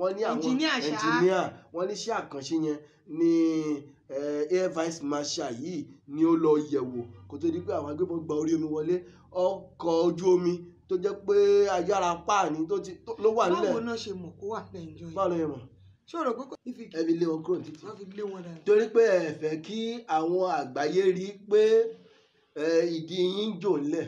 wọ́n ní àwọn ẹnjìníà wọ́n ní iṣẹ́ àkànṣe yẹn ní air vice marshal yìí ni ó lọ yẹ̀wò kó tó di pé àwọn agbébọn gba orí omi wọlé ọkọ̀ ojú omi tó jẹ́ pé ayára páàní ló wà nílẹ̀. báwo náà ṣe mọ̀ kó wà nàìjíríà. báwo ló yẹ mọ̀ ṣòro pé kí. ẹ lé wọn kúrò títí. wọ́n fi lé wọn dànù. torí pé ẹ kí àwọn àgbáyé rí i pé ìdí yín jò ńlẹ̀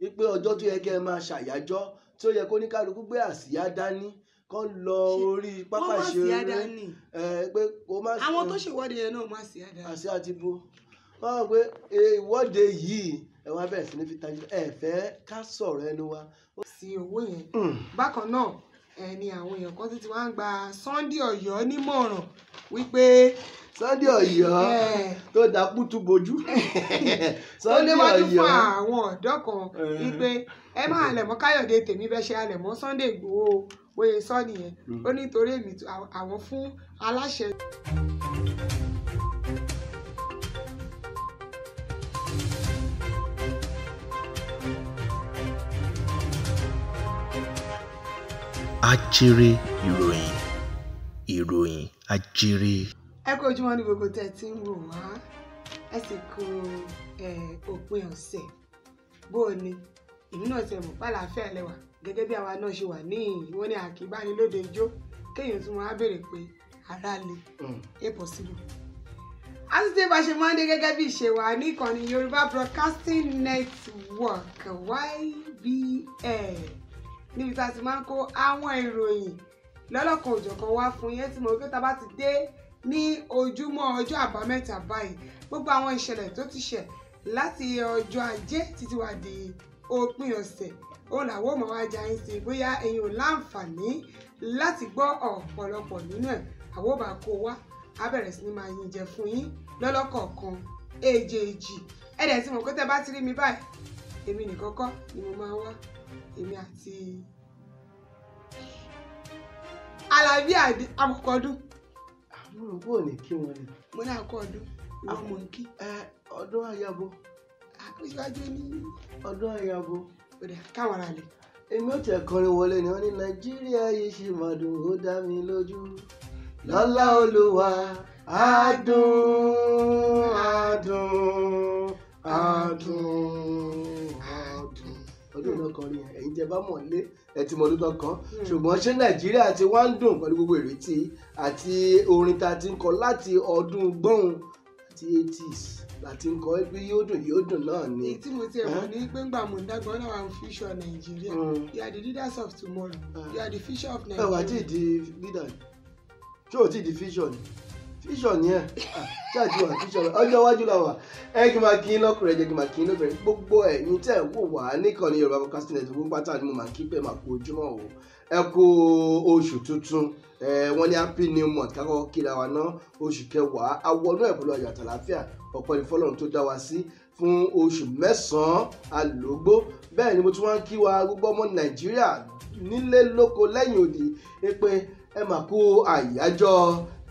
wípé ọjọ́ tó yẹ kí ẹ máa ṣàyájọ́ tó yẹ kó ní kálukú gbé àsíá dání kán lọ orí pápá ìṣeré pé kó má sí. àwọn tó ṣèwọ́de yẹn náà má sí àdáni. àṣẹ àti bo wọ́n rò pé ìwọ́de yìí ẹ wá bẹ̀rẹ̀ sí ní fi tajú ẹ fẹ́ ká sọ̀rọ̀ ẹnu wa. sí owó yẹn hmm. bákan náà ẹni àwọn èèyàn kan ti ti wá ń gba Sunday Ọ̀yọ́ nímọ̀ràn wípé Sunday Ọ̀yọ́ tó dàpú tú bojú Sunday Ọ̀yọ́ tó léwájú fún àwọn ọ̀dọ́ kan wípé ẹ máa lẹ̀mọ́ Káyọ̀dé tèmi bẹ́ ṣe alẹ̀mọ́ Sunday Ìgbòho bóyá sọ nìyẹn hmm. ó nítorí èmi àwọn fún aláṣẹ. ajere ìròyìn ìròyìn ajere. ẹ kú ojúmọ́ ní gbogbo tẹ́ ẹ ti ń wò wá ẹ sì kú òpin ọ̀sẹ̀ bó o ní èmi náà ti mọ̀ pàlàáfíà lẹ́wà gẹ́gẹ́ bí àwa náà ṣe wà ní ìwọ́n ní àkíbánilóde ijó kéèyàn tún máa béèrè pé ara le é hmm. possible. a bá ṣe máa ń dé gẹ́gẹ́ bí ìṣe wa ní ìkànnì Yorùbá Broadcasting Network YBN níbi tá a ti máa ń kó àwọn ìròyìn lọ́lọ́kan òjọ̀kan wá fún yẹn tí mo rí pé tá a bá ti dé ní ojúmọ́ ọjọ́ àbámẹ́ta báyìí gbogbo àwọn ìṣẹ̀lẹ̀ tó ti ṣẹ̀ láti ọjọ́ ajé títí wá di òpin ọ̀sẹ̀ ó làwọn ò mọ̀ wá jà yín sí bóyá ẹ̀yin ò láǹfààní láti gbọ́ ọ̀pọ̀lọpọ̀ nínú ẹ̀ àwọn ò bá kó wá á bẹ̀rẹ̀ sí ni máa yin jẹ fún yín lọ́lọ́kọ̀ọ̀kan èjèèjì ẹ̀dẹ̀ tí mo kó tẹ́ bá ti rí mi báyìí èmi nìkan kọ́ ni mo máa wá èmi àti Alábí àkọ́kọ́ ọdún. àbúrò kò ní kí wọn ni. mo ní àkọ́kọ́ ìwọ mọ̀ kí. ọdún àyàbọ̀. àkọ́ṣíwájú ni. ọdún àyàbọ̀ káwọn ara lè. èmi ò tẹ̀ kọrin wọlé ni wọ́n ní nàìjíríà yìí ṣì máa dùn ó dá mi lójú lọ́lá olúwa adùn adùn adùn adùn ọdún náà kọrin ẹ̀yin jẹ́ bá mọ̀ lé ẹtì mọ̀lútọ̀ kan hmm. ṣùgbọ́n ṣé nàìjíríà ti wá ń dùn pẹ̀lú gbogbo ìrètí àti orin ta ti ń kọ láti ọdún gbọ́n àti eighties láti ń kọ ẹ pé yóò dùn yóò dùn náà ni. tí mo ti ẹ̀wọ̀n ní gbẹ́ngbà mo ń dágbọ́n náà wà ń future you are the leaders of tomorrow you are the future of Nigeria. ẹ wà á ti di leader ṣé o ti di future ni fíṣàn ni ẹ ṣáàtì wà fíṣàn ọjọ́ iwájú la wà ẹ kí n máa kí n lọ́kùnrin ẹ jẹ́ kí n máa kí n lọ́kùnrin gbogbo ẹ̀yin tẹ́ ẹ̀ wò wá níkànnì Yorùbá Broadcasting Network gbogbo pátá ni mo máa kí pé máa kú ojúmọ́ o ẹ kú oṣù tuntun ẹ wọ́n ní happy new month kákọ́ kíra wa ná oṣù kẹwàá awọ́nú ẹ̀ pẹ̀lú ayọ̀ àtàlàáfíà ọpẹ́ ní fọlọ́run tó dá wa sí fún oṣù mẹ́sàn-án alógbó bẹ́ẹ̀ ni mo tún wá ń kí wa gbogbo ọmọ nàìjíríà nílé lóko lẹ́yìn òdì pé ẹ mà kú àyájọ́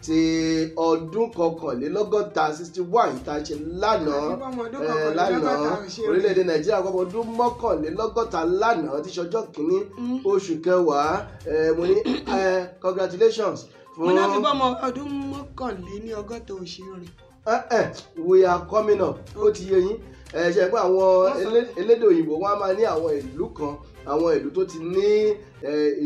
ti ọdún kọkànlélọ́gọ́ta sixty one tá a ṣe lánàá lánàá orílẹ̀-èdè nàìjíríà kọ́kọ́ ọdún mọ́kànlélọ́gọ́ta lánàá ti ṣọjọ́ kìíní oṣù kẹwàá mo ní congratulations. mo náà fi bọ́ ọmọ ọdún mọ́kànléní ọgọ́ta òṣèré. Eh, eh, we are coming up ó ti yé yín eh, ẹ ṣe pé àwọn elédè òyìnbó wọn á máa ní àwọn ìlú kan àwọn ìlú tó ti ní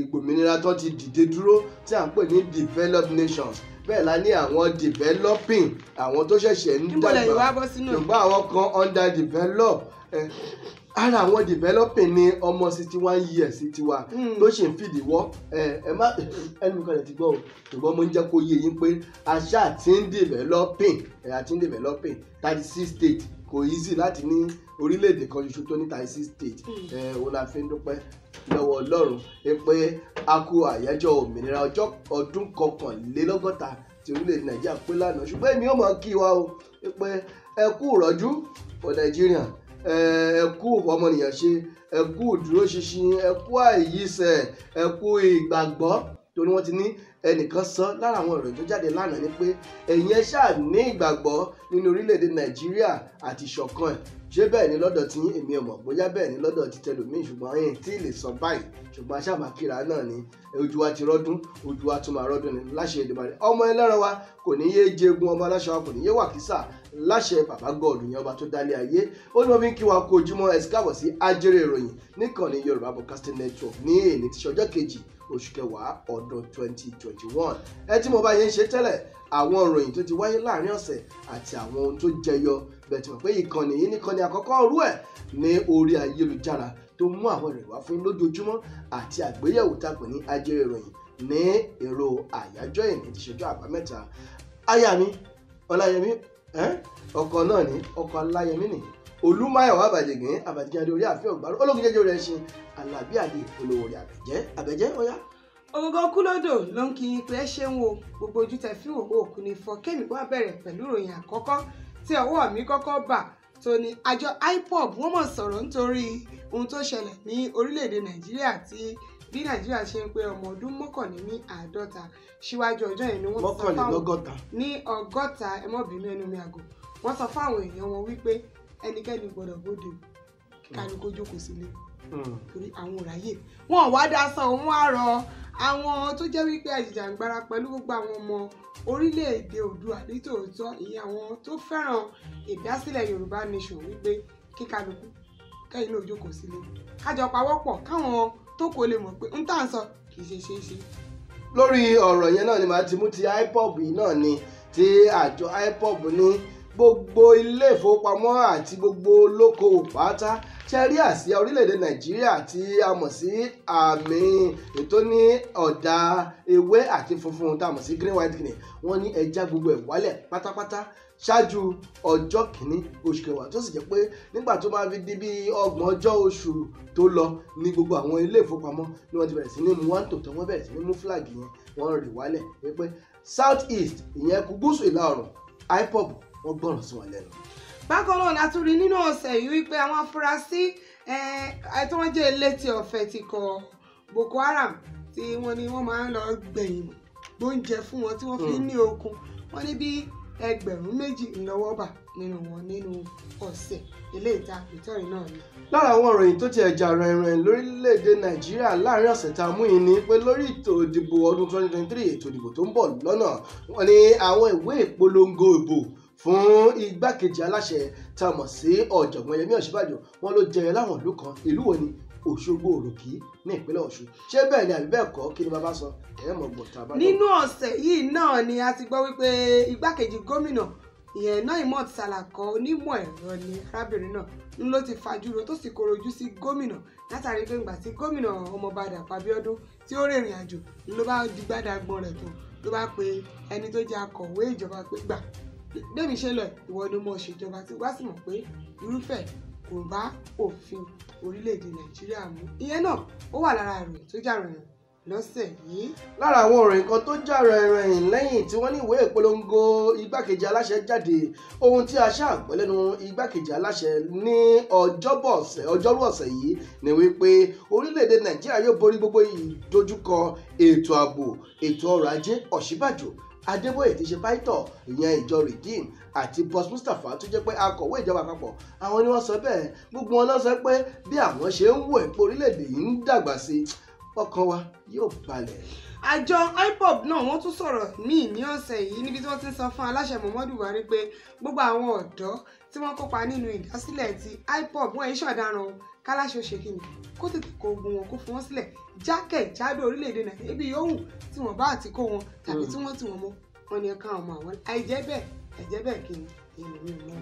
ìgbòmìnira tó ti dìde dúró tí à ń pè ní developed nations bẹ́ẹ̀ la ní àwọn developing àwọn tó ṣẹ̀ṣẹ̀ ń dàgbà ṣùgbọ́n àwọn kan underdeveloped ara àwọn developing ni ọmọ sixty one years tiwa hmm. ló ṣe ń fìdí wọ́ ẹ má ẹnu kan lè ti gbọ́ o ṣùgbọ́n mo ń jẹ́ kó yé yín pé àṣà àti ń developing ẹ̀ àti ń developing thirty six states kò easy láti ní orílẹ̀-èdè kan ṣoṣo tó ní thirty six states hmm. ẹ̀ òun la fi ń dúpẹ́ lọ́wọ́ ọlọ́run pé a kú àyájọ́ òmìnira ọjọ́ ọdún kọkànlélọ́gọ́ta ti orílẹ̀-èdè nàìjíríà pé lánàá ṣùgbọ́n èmi ò mọ̀ kí wa o pé ẹ kú ìrọ́jú for Nigeria ẹ kú ọmọnìyàn ṣe ẹ kú ìdúróṣinṣin ẹ kú àìyíṣẹ ẹ kú ìgbàgbọ́ torí wọ́n ti ní ẹnìkan sọ lára àwọn ìròyìn tó jáde lánàá ni pé ẹ̀yin ẹ ṣáà ní ìgbàgbọ́ nínú orílẹ̀-èdè nàìjíríà àti ìṣọ̀kan ẹ̀ ṣé bẹ́ẹ̀ ni lọ́dọ̀ tí èmi ò mọ̀ bóyá bẹ́ẹ̀ ni lọ́dọ̀ ti tẹlòmíì ṣùgbọ́n ẹ̀yìn tí lè sọ báyìí ṣùgbọ́n aṣàmàkìrà náà ni ojú wa ti rọ́dún ojú wa tún máa rọ́dún ni láṣẹ Èdùmàrè ọmọ ẹlẹ́ran wa kò ní yé jẹgun ọmọ aláṣọ wa kò ní yé wàkísà láṣẹ bàbá gọọdù yẹn ọba tó dálé ayé ó ní wọn fi ń kí wa kó ojúmọ́ ẹ sí ajẹrẹ ìròyìn níkànnì yorùbá broadcasting network ní èyí tí ṣọjọ́ kejì oṣù kẹwàá ọdún 2021 ẹ tí mo bá yẹn ń ṣe tẹ́lẹ̀ àwọn ìròyìn tó ti wáyé láàrin ọ̀sẹ̀ àti àwọn ohun tó jẹyọ bẹ́ẹ̀ tí mo pé ìkànnì yìí nìkànnì àkọ́kọ́ rú ẹ̀ ní orí ayélujára tó mú àwọn ìròyìn wá fún lójoojúmọ́ àti àgbéyẹ̀wò tá a ní ajẹrẹ ìròyìn ní èrò àyájọ́ ìní ti ṣọjọ́ àbámẹ́ta mi ọláyẹmí ọkọ náà ní ọkọ aláyẹmí ní olúmáyọ̀wá àbàjẹgìn àbàjẹgìn adé orí ààfin ọgbàrú ológun jẹjẹ rẹ ṣin alábí àdé olówó rẹ àbẹjẹ àbẹjẹ ọyá. ògùngàn kúlódò ló ń kí yín pé ẹ ṣeun o gbogbo ojú tẹ fi wòwò òkú ni fọ kémi wá bẹ̀rẹ̀ pẹ̀lú ìròyìn àkọ́kọ́ tí ọwọ́ mi kọ́kọ́ bà tó ní àjọ ipob wọ́n mọ̀ sọ̀rọ̀ nítorí ohun tó ṣẹlẹ̀ ní orílẹ̀ nàìjíríà tí bí nàìjíríà ṣe ń pé ọmọ ọdún mọ́kànléní àádọ́ta síwájú ọjọ́ yẹn ni wọ́n sọ fáwọn ní ọgọ́ta ẹmọ́bìnú ẹnu mi àgọ́ wọ́n sọ fáwọn èèyàn wọn wípé ẹnikẹ́ni gbọ́dọ̀ bóde kálukó jókòó sílé hmm. torí àwọn ò ráyè wọn wá dá sọ òun á rọ àwọn tó jẹ́ wípé àjìjàǹgbara pẹ̀lú gbogbo àwọn ọmọ orílẹ̀-èdè Oòduà nítòótọ́ ìyẹn àwọn tó fẹ́ràn ìdásílẹ̀ Yorùbá nation wípé kíkanukú kẹ́yìn náà jókòó sílé kájọ pawọ́pọ̀ káwọn tó kò lè mọ̀ pé n tá à sọ kì í ṣe ṣe é ṣe. lórí ọ̀rọ̀ yẹn náà ni màá ti mú ti ipob yìí náà ni ti àjọ ipob ní gbogbo ilé ìfowópamọ́ àti gbogbo olókoòwò pátá ṣẹ́rí àsíá orílẹ̀-èdè nàìjíríà tí a mọ̀ sí àmì ètò ní ọ̀dà ewé àti funfun tá a mọ̀ sí green white green wọ́n ní ẹja gbogbo ẹ̀ wálẹ̀ pátápátá ṣáájú ọjọ́ kìíní oṣù kẹwàá tó sì jẹ́ pé nígbà tó máa fi di bí ọgbọ̀n ọjọ́ oṣù tó lọ ní gbogbo àwọn ilé ìfowópamọ́ ni wọ́n ti bẹ̀rẹ̀ sí ní mú wọ́n tòótọ́ wọ́n bẹ̀rẹ̀ sí ní mú fúlàgì yẹn wọ́n rì wálẹ̀ wípé south east ìyẹn kù gúúsù ìlà oòrùn ipob wọ́n gbọ́ràn sí wọn lẹ́nu. bákan náà la tún rí nínú ọ̀sẹ̀ yìí wípé àwọn afurasí eh, tí wọ́n jẹ́ elétí ọ̀fẹ́ ti kọ Boko Haram tí wọ́n ní wọ́n máa ń lọ gbẹ̀yìn gbóúnjẹ fún wọn tí wọ́n hmm. wọ́n ní bí ẹgbẹ̀rún méjì ńlọ́wọ́ bà nínú wọn nínú ọ̀sẹ̀ ilé ìta ìtọ́rin náà ni. lára àwọn ìròyìn tó ti ẹ̀jà rẹ̀rìn lórílẹ̀‐èdè nàìjíríà láàrin ọ̀sẹ̀ tá a mú yìí ni pé lórí ètò ìdìbò ọdún 2023 ètò ìdìbò tó ń bọ̀ lọ́nà wọn ni àwọn ìwé ìpolongo ìbò fún igbákejì aláṣẹ tá a mọ̀ sí ọ̀jọ̀gbọ́n yẹmí ọ̀ṣínbàjò wọn ló jẹyọ láwọn ìlú kan ìlú wo ni Òṣogbo Òròkì ní ìpínlẹ̀ Ọ̀ṣun ṣé bẹ́ẹ̀ ni àbí bẹ́ẹ̀ kọ́ kí ni bàbá sọ ẹ̀ mọ̀ gbọ̀n tàbá. nínú ọ̀sẹ̀ yìí náà ni a ti gbọ́ wípé igbákejì gómìnà ìyẹn Naimot Salako onímọ̀ ẹ̀rọ ni arábìnrin náà ń ló ti fajúro tó sì korojú sí gómìnà látàrí pé ìgbà tí gómìnà ọmọọba Dàpọ̀ Abíọ́dún tí ó rìnrìn àjò ló bá di gbádàgbọ́n rẹ̀ tó ló bá pe ẹni tó jẹ́ akọ̀wé ìjọba pé gbà débi ṣe lọ ìwọ ni mo ṣèjọba tí wá sì mọ̀ pé irúfẹ́ kò bá òfin orílẹ̀-èdè nàìjíríà mú ìyẹn náà ó wà lára ìròyìn tó jà rẹ̀rìn lọ́sẹ̀ yìí. lára àwọn ọ̀rọ̀ nǹkan tó jà rẹ̀rìn lẹ́yìn tí wọ́n ní ìwé ìpolongo igbákejì aláṣẹ jáde ohun tí a ṣàgbọ́ lẹ́nu igbákejì aláṣẹ ní ọjọ́bọ̀ ọ̀sẹ̀ ọjọ́rú ọ̀sẹ̀ yìí ni wípé orílẹ̀-èdè nàìjíríà yóò borí gbogbo ìdojúkọ ètò ààbò ètò ọrọ̀ ajé ọ̀ṣíbàjò adébóyè ti ṣe pító ìyẹn ìjọ redeem àti boss mustapha tó jẹ́ pé akọ̀wé ìjọba àpapọ̀ àwọn ni wọ́n sọ bẹ́ẹ̀ gbogbo wọn náà sọ pé bí àwọn ṣe ń wò epo orílẹ̀ yìí ń dàgbà sí ọkàn wa yóò balẹ̀ àjọ ipob náà wọ́n tún sọ̀rọ̀ míì ní ọ̀sẹ̀ yìí níbi tí wọ́n ti ń sọ fún aláṣẹ muhammadu buhari pé gbogbo àwọn ọ̀dọ́ tí wọ́n kópa nínú ìdásílẹ̀ ti ipob wọ́n iṣẹ́ ọ̀daràn káláṣe ṣe kí ni kó tètè kó ogun wọn kó fi wọn sílẹ̀ jákèjádò orílẹ̀-èdè nàìjíríà ibi yòówù tí wọ́n bá ti kó wọn tàbí tí hmm. wọ́n ti wọ́n mọ́ wọn ni ẹ ká ọmọ àwọn àìjẹ́ bẹ́ẹ̀ àìjẹ́ bẹ́ẹ̀ kí ni èmi mi ò lọ́wọ́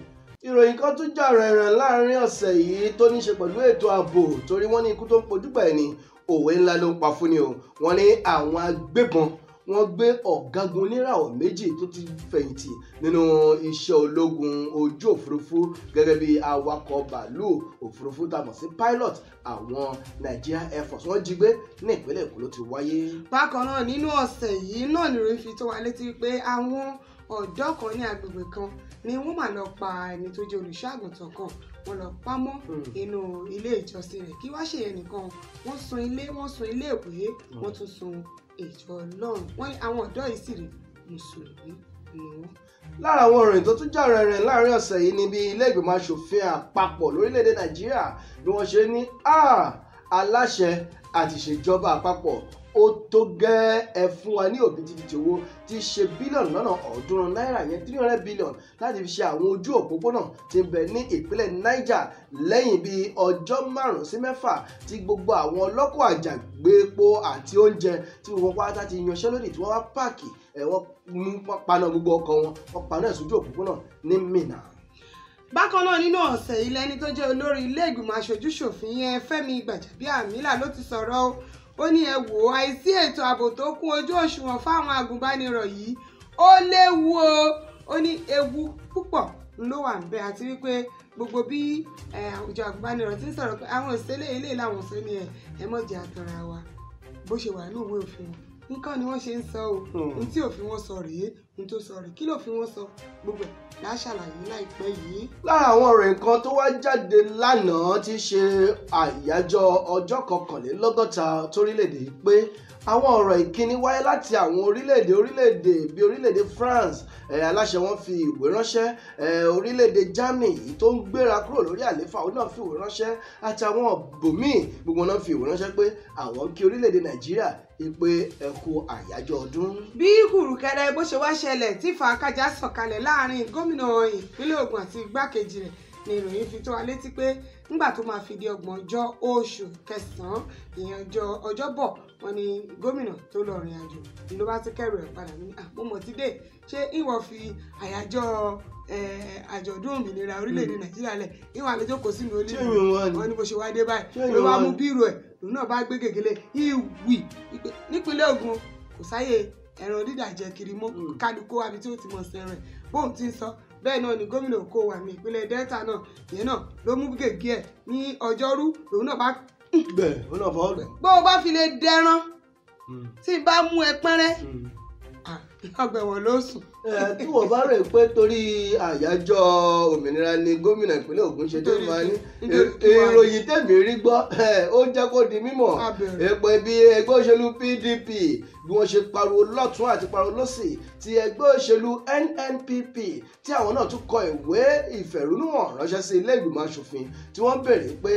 ìròyìn kan tún jà rẹ̀rẹ̀ láàrin ọ̀sẹ̀ yìí tó ní ṣe pẹ̀lú ètò ààbò torí wọ́n ní ikú tó ń pojúgbà ẹni òwe ńlá ló ń pa fún ni o wọ́n ní àwọn agbébọn wọ́n gbé ọ̀gágun oníràwọ̀ méjì tó ti fẹ̀yìntì nínú iṣẹ́ ológun ojú òfurufú gẹ́gẹ́ bí awakọ̀ bàálù òfurufú tàbọ̀ sí pilot àwọn Nigeria Air Force wọ́n jí gbé ní ìpínlẹ̀ Èkó ló ti wáyé. bákan náà nínú ọ̀sẹ̀ yìí náà nìròyìn fi tó wa létí pé àwọn ọ̀dọ́ kan ní agbègbè kan ni wọ́n mà lọ pa ẹni tó jẹ́ olùṣọ́àgùntàn kan wọ́n lọ pa mọ́ hmm. inú ilé ìjọsìn rẹ̀ kí wá ṣèyẹn nìkan wọ́n sun ilé wọ́n sun ilé ìwé wọ́n tún sun ètò ọlọ́run wọ́n ní àwọn ọ̀dọ́ yìí sì rí mùsùlùmí ni wọ́n. lára àwọn ìròyìn tó tún jà rẹ̀rẹ̀ láàrin ọ̀sẹ̀ yìí ni bí ilé ìgbìmọ̀ asòfin àpapọ̀ lórílẹ̀‐èdè nàìjíríà bí wọ́n ṣe ní ah, aláṣẹ àti àpapọ̀ ó tó gẹ́ ẹ fún wa ní òbítíbitì owó tí í ṣe bílíọ̀nù lọ́nà ọ̀ọ́dúnrún náírà yẹn three hundred billion láti fi ṣe àwọn ojú òpópónà tí ń bẹ ní ìpínlẹ̀ Niger lẹ́yìn bíi ọjọ́ márùn-ún sí mẹ́fà tí gbogbo àwọn ọlọ́kọ̀ àjàgbépo àti oúnjẹ tí wọ́n pátá ti yanṣẹ́lódì tí wọ́n wá páàkì ẹ̀ wọ́n mú paná gbogbo ọkọ̀ wọn wọ́n paná ẹ̀ sójú òpópónà ní Minna bákan náà nínú ọ̀sẹ̀ yìí lẹ́ni tó jẹ́ olórí ilé ìgbìmọ̀ aṣojú yẹn Fẹ́mi Gbàjàbíàmílà ló ti sọ̀rọ̀ ó ní ẹ wò ó àìsí ètò ààbò tó kún ojú òṣùwọ̀n fáwọn agùnbánirọ̀ yìí ó léwu o ó ní ewu púpọ̀ ló wà níbẹ̀ àti wípé gbogbo bí àwùjọ agùnbánirọ̀ ti ń sọ̀rọ̀ pé àwọn òṣèlè ilé làwọn òṣèlè ẹ̀ ẹ̀ mọ̀jẹ̀ àtọ̀rà wa bó ṣe wà ní òwe òfin wọn nǹkan ni wọ́n ṣe ń sọ o hmm. n tí òfin wọn sọ rèé n tó sọ rèé kí ló fi wọn sọ gbogbo ẹ̀ la ṣàlàyé láìpẹ́ yìí. lára àwọn ọ̀rọ̀ nǹkan tó wá jáde lánàá ti ṣe àyájọ́ ọjọ́ kọkànlélọ́gọ́ta torílẹ̀-èdè pé àwọn ọ̀rọ̀ ìkíni wáyé láti àwọn orílẹ̀-èdè orílẹ̀-èdè bíi orílẹ̀-èdè France eh, aláṣẹ wọn fi ìwé ránṣẹ́ eh, orílẹ̀-èdè Germany èyí tó ń gbéra kúrò lórí àléfà òun náà fi ìwé ránṣẹ́ àti àwọn bòmíì gbogbo náà fi ìwé ránṣẹ́ pé àwọn kí orílẹ̀-èdè Nàìjíríà ìpè ẹ̀kú àyájọ́ ọdún. bí kùrùkẹrẹ bó ṣe wá ṣẹlẹ̀ tí fàákàjà sọ̀kalẹ̀ láàrin gómìnà ìpínlẹ̀ Ògùn àti igbákejì rẹ̀ ni ìròyìn fi tó wa létí pé nígbà tó máa fi di ọgbọ̀njọ́ oṣù kẹsàn-án ìyẹn ọjọ́ ọjọ́bọ̀ wọ́n ní gómìnà tó lọ rìn àjò ló bá ti kẹrù ẹ̀ padà ní àpòmọ̀ ti dé ṣé ìwọ fi àyájọ́ àjọ̀dún òmìnira orílẹ̀-èdè hmm. nàìjíríà lẹ̀ ìwọ àlejò kò sí mi ó lé wọn ni mo ṣe wá dé báyìí ló bá mú bírò ẹ̀ lòun náà bá gbé gègélé ìwì nípínlẹ̀ Ògùn kò sáyè ẹran dídà kiri mọ́ hmm. kálukó àbí tí ó ti mọ̀ sẹ́rẹ̀ bóun ti ń sọ bẹ́ẹ̀ náà ni gómìnà Okowa ní ìpínlẹ̀ Delta náà ìyẹn náà ló mú gègé ẹ̀ ní ọjọ́rú lòun náà bá. bẹ́ẹ̀ ó náà fọwọ́ rẹ̀. bó o bá fi lè dẹran hmm. tí bá mú ẹ pẹ́rẹ́ hmm. àgbẹ̀wọ̀n ló sùn. ẹ tí wọ́n bá rẹ̀ pé torí àyájọ́ òmìnira ni gómìnà ìpínlẹ̀ Ògùn ṣe tó máa ní ìròyìn tẹ̀mí rí gbọ́ ó jẹ́ kó di mímọ̀ èpò ibi ẹgbẹ́ òṣèlú PDP bí wọ́n ṣe pariwo lọ́tún àti pariwo lọ́sì ti ẹgbẹ́ òṣèlú NNPP tí àwọn náà tún kọ ìwé ìfẹ̀rúnúhàn ránṣẹ́ sí ilé ìgbìmọ̀ asòfin tí wọ́n béèrè pé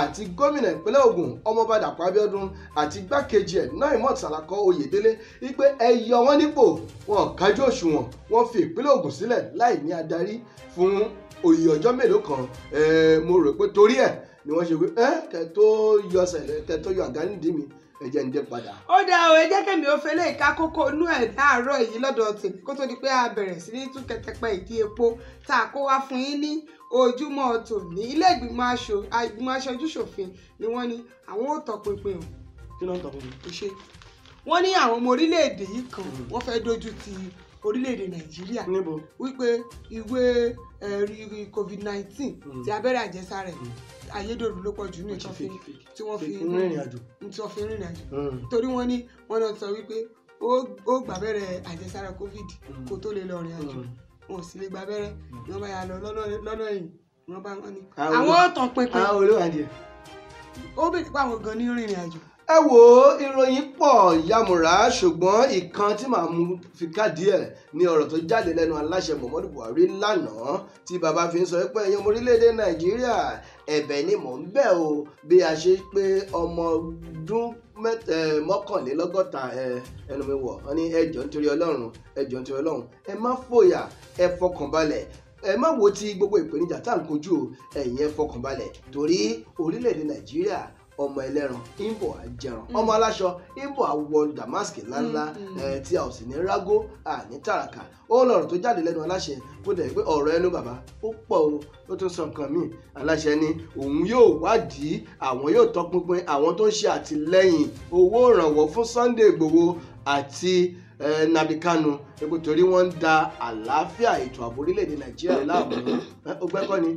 àti gómìnà ìpínlẹ̀ ogun ọmọọba Dàpọ̀ Abíọ́dún àti igbákejì ẹ̀ Naimot Salako Oyèdélé wípé ẹ yọ wọ́n nípò wọn kájú òṣùwọ̀n wọ́n fi ìpínlẹ̀ Ògùn sílẹ̀ láì ní adarí fún òye ọjọ́ mélòó kan mo rò pé torí ẹ̀ ni wọ́n ṣe pé ẹ kẹ́ tó yọ ẹ jẹ́ ń dé padà. ó dáa o ẹ jẹ́ ó fẹ́lẹ́ ìka kókó inú ẹ̀ láàárọ̀ yìí lọ́dọ̀ tèmi kó tó di pé a bẹ̀rẹ̀ sí ní tú kẹtẹpẹ ìdí epo tá a kó wá fún yín ní ojúmọ́ tòní ilé ìgbìmọ̀ aṣojúṣòfin ni wọ́n ní àwọn ò tọpinpin o. kí ló ń tọpinpin. ìṣe wọ́n ní àwọn ọmọ orílẹ̀-èdè yìí kan hmm. wọ́n fẹ́ dojú ti orílẹ̀-èdè nàìjíríà. níbo. wípé ìwé ẹ̀rí covid nineteen ti abẹ́rẹ́ àjẹsára ẹ̀ ayédèrú ló pọ̀ jù ní ìtọ́ fi tí wọ́n fi rìnrìn àjò tí wọ́n fi rìnrìn àjò torí wọ́n ní wọ́n náà sọ wípé ó gbàbẹ́rẹ́ àjẹsára covid hmm. kó tó lè lọ rìn àjò hmm. wọn ò sì lè gbàbẹ́rẹ́ ni hmm. wọ́n bá yà lọ lọ́nà ẹ̀yìn wọ́n bá wọn ni àwọn ọ̀tàn pinpin ó bèrè pé àwọn gan ní rìnrìn àjò ẹ wò ó ìròyìn pọ̀ yàmùrà ṣùgbọ́n ìkan tí màá mú fi káàdì ẹ̀ ni ọ̀rọ̀ tó jáde lẹ́nu aláṣẹ Muhammadu Buhari lánàá tí bàbá fi ń sọ pé ẹ̀yin ọmọ orílẹ̀-èdè Nàìjíríà ẹ̀bẹ̀ ni mò ń bẹ̀ o bí a ṣe pé ọmọ ọdún mọ́kànlélọ́gọ́ta ẹnu mi wọ̀ ọ́ ní ẹjọ́ nítorí Ọlọ́run ẹjọ́ nítorí Ọlọ́run ẹ má fòyà ẹ fọkànbalẹ̀ ẹ má wo ti gbogbo ìpèníjà tá à ń kojú ẹ̀yin ẹ fọkànbalẹ̀ torí orílẹ̀-èdè Nàìjíríà ọmọ ẹlẹ́ran ìbò àjẹran mm. ọmọ aláṣọ ìbò àwọ damask ńláńlá mm, mm. Eh, tí a ò sì ní rágó àní tàràkà ó lọ̀rọ̀ tó jáde lẹ́nu aláṣẹ bó dẹ̀ pé ọ̀rọ̀ ẹnu bàbá ó pọ̀ o ó tún sọ nǹkan míì aláṣẹ ni òun yóò wádìí àwọn yóò tọpinpin àwọn tó ń ṣe àtìlẹ́yìn owó ìrànwọ́ fún Sunday Igboho àti Nnamdi Kanu epo torí wọ́n ń da àlàáfíà ètò ààbò orílẹ̀-èdè Nàìjíríà láàmú ọgbẹ́ kọ́ ni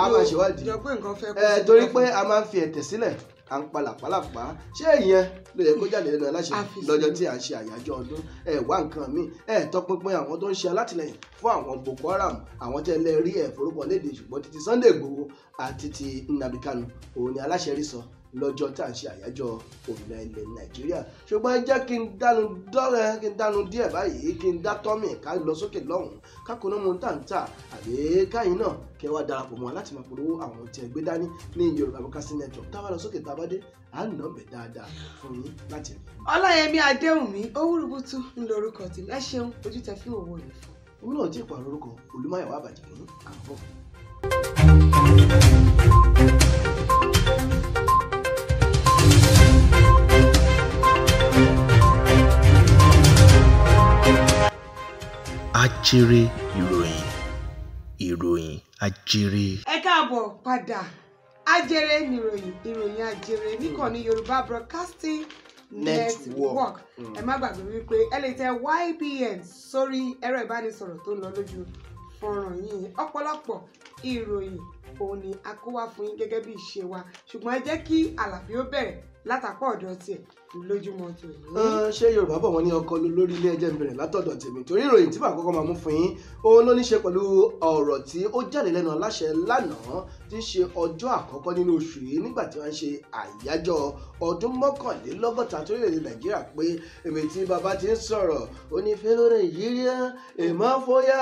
a máa ṣèwádìí torí pé a máa ń fi ẹ̀tẹ̀ sílẹ̀ à ń palàpalàpá ṣé ìyẹn ló yẹ kó jáde lẹ́nu aláṣẹ lọ́jọ́ tí a ṣe àyájọ́ ọdún ẹ wá nǹkan míì ẹ tọpinpin àwọn tó ń ṣe alátìlẹyìn fún àwọn Boko Haram àwọn tẹ lẹ rí ẹ forúkọ léde ṣùgbọ́n títí Sunday Igboho àti ti Nnamdi Kanu òun ni aláṣẹ rí sọ lọ́jọ́ tá à ń ṣe àyájọ́ òmìnira ilẹ̀ nàìjíríà ṣùgbọ́n ẹ jẹ́ kí n dánu dọ́rẹ́ kí n dánu díẹ̀ báyìí kí n dá tọ́mì ká lọ sókè lọ́hùn-ún kákùnú mu tá ń tà àbí káyìn náà kẹ́ wá darapọ̀ mọ́ láti máa polówó àwọn tí ẹ gbé dání ní yorùbá broadcasting network táwa lọ sókè tábàdé à ń nàbẹ̀ dáadáa fún yín láti rí. ọláyẹmí adéhùnmí owurubutu ń lorúkọ ojú ajere ìròyìn ìròyìn ajere. ẹ káàbọ̀ padà ajere nìròyìn ìròyìn ajere níkànnì yorùbá broadcasting network mm. ẹ má gbàgbé wípé ẹ lè tẹ YBN sórí ẹ̀rọ ìbánisọ̀rọ̀ tó ń lọ lójú fọ́nrán yìí ọ̀pọ̀lọpọ̀ ìròyìn òun ni a kó wá fún yín gẹ́gẹ́ bí ìṣe wa ṣùgbọ́n ẹ jẹ́ kí àlàbí ó bẹ̀rẹ̀ látàpọ̀ ọ̀dọ̀ tiẹ̀ lójúmọ́ tòní. ṣé yorùbá bọ̀ wọ́n ní ọkọ lórí ilé ẹjẹ́ mi bẹ̀rẹ̀ látọ̀dọ̀ tèmi torí ìròyìn tí màá kọ́kọ́ máa mú fún yín òun ló ní ṣe pẹ̀lú ọ̀rọ̀ tí ó jáde lẹ́nu aláṣẹ lánàá tí ń ṣe ọjọ́ àkọ́kọ́ nínú oṣù yìí nígbà tí wọ́n ń ṣe àyájọ́ ọdún mọ́kànlélọ́gọ́ta tó lè nàìjíríà pé èmi tí bàbá ti ń sọ̀rọ̀ ó ní fẹ́rẹ́ nàìjíríà ẹ̀ má fóyà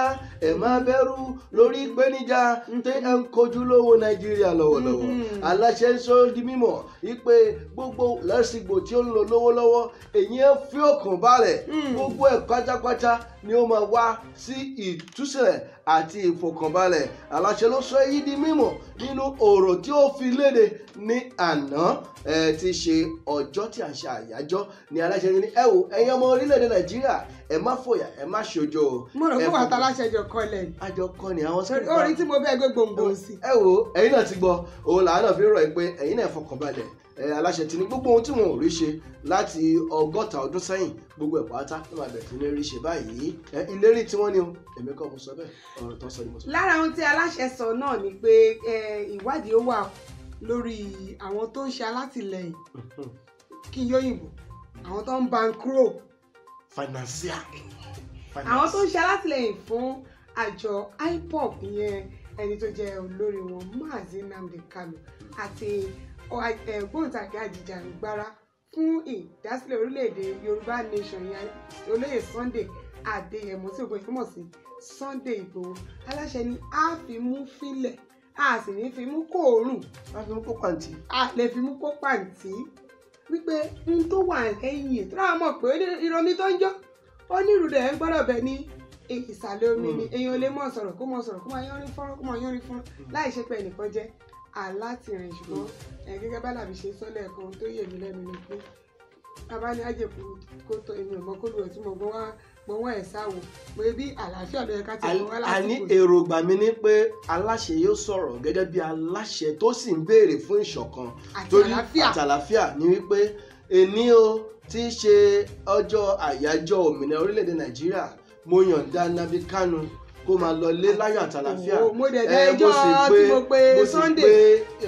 ẹ̀ má bẹ̀rù lórí ìpèníjà tí ẹ̀ ń kojú lówó nàìjíríà lọ́wọ́lọ́wọ́ mm-hmm. aláṣẹ ń sọ di mímọ̀ wípé gbogbo lásìgbò tí ó ń lò lówó lọ́wọ́ èyí ẹ fi ọkàn balẹ̀ hmm. gbogbo ẹ̀ pátápátá ni ó máa wá sí ìtúsílẹ̀ àti ìfọkànbalẹ̀ aláṣẹ ló sọ èyí di mímọ̀ nínú ọ̀rọ̀ tí ó fi léde ní àná ẹ ti ṣe ọjọ́ tí a ṣe àyájọ́ ní aláṣẹ ní ẹ wò ẹ̀yin ọmọ orílẹ̀-èdè nàìjíríà ẹ má fòyà ẹ má ṣojo o. mo rò pé wà á ta aláṣẹ jọ kọ ilẹ̀. àjọ kọ ni àwọn sọ́kùnrin. orí tí mo fẹ́ gbé gbòǹgbò sí. ẹ wò ẹ̀yin náà ti gbọ́ òun làánà fi rọ̀ ẹ pé ẹ̀yin náà fọkànbalẹ̀ aláṣẹ ti ní gbogbo ohun tí wọn ò rí ṣe láti ọgọ́ta ọdún sẹ́yìn gbogbo ẹ̀ pátá ló máa bẹ̀rẹ̀ sí ní rí ṣe báyìí ìlérí tí wọ́n ní o èmi kọ́ mo sọ bẹ́ẹ̀ ọ̀rọ̀ tó sọ ni mo sọ. lára ohun tí aláṣẹ sọ náà ni pé ìwádìí ó wà lórí àwọn tó ń ṣe alátìlẹyìn kí n yóyìnbó àwọn tó ń bankro. financier. àwọn tó ń ṣe alátìlẹyìn fún àjọ IPOB yẹn ẹni tó jẹ olórí wọn Mazi Nnamdi Kanu àti ògbóǹtarìgì eh, ajìjàǹgbara fún ìdásílẹ̀ orílẹ̀-èdè yorùbá nation ìyẹn olóyè sunday adéyẹmọ tí ògbóǹ ìfúnmọ̀ sí sunday ìgbòho aláṣẹ ni a fi mú fílẹ̀ a sì ní fi mú kóòrùn a fi mú kó pàǹtí a lè fi mú kó pàǹtí wípé n tó wà lẹ́yìn tó dáa mọ̀ pé ìrọ̀mí tó ń jọ́ ó ní ìrù rẹ̀ ń gbọ́dọ̀ bẹ̀ ní ìsàlẹ̀ omi ni hmm. èèyàn lè mọ̀ sọ̀rọ̀ kó mọ̀ sọ̀rọ̀ kó mọ̀ yánrin fọ́nrán kó mọ̀ yánrin fọ́nrán hmm. láì ṣe pé ẹnìkan jẹ́ alátìrìn ṣùgbọ́n hmm. gẹ́gẹ́ bá làbí ṣe sọ́lẹ̀ kan tó yè mí lẹ́nu ni pé bàbá ní àjẹkù kó tọ èmi ò mọ kó lu ọtí mo gbọ́ wá gbọ́wọ́ ẹ̀ sáwò pé bí àlàáfíà ló yẹ ká ti wọ́n lásìkò. àní èròǹgbà mi ni pé aláṣẹ yóò sọ̀rọ̀ gẹ́gẹ́ bí aláṣẹ tó sì ń béèrè fún ìṣọ̀kan torí àtàlàfíà ni wípé èní o ti ṣe ọjọ́ àyájọ́ òmìnira orílẹ̀-èdè nàìjíríà mo yàn dá Nnamdi Kanu kó máa lọ lé láyọ̀ àtàlàfíà ẹ mo sì pé mo sì pé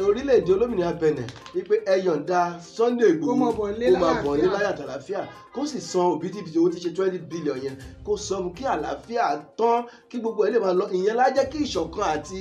orílẹ̀-èdè olómìnira Benin wípé ẹ yọ̀ǹda Sunday Igboho kó máa bọ̀ lé láyọ̀ àtàlàfíà kó sì san òbítíbitì owó ti ṣe twenty billion yẹn kó sọ mu kí àlàáfíà tán kí gbogbo ẹ lè máa lọ ìyẹn lájẹ́ kí ìṣọ̀kan àti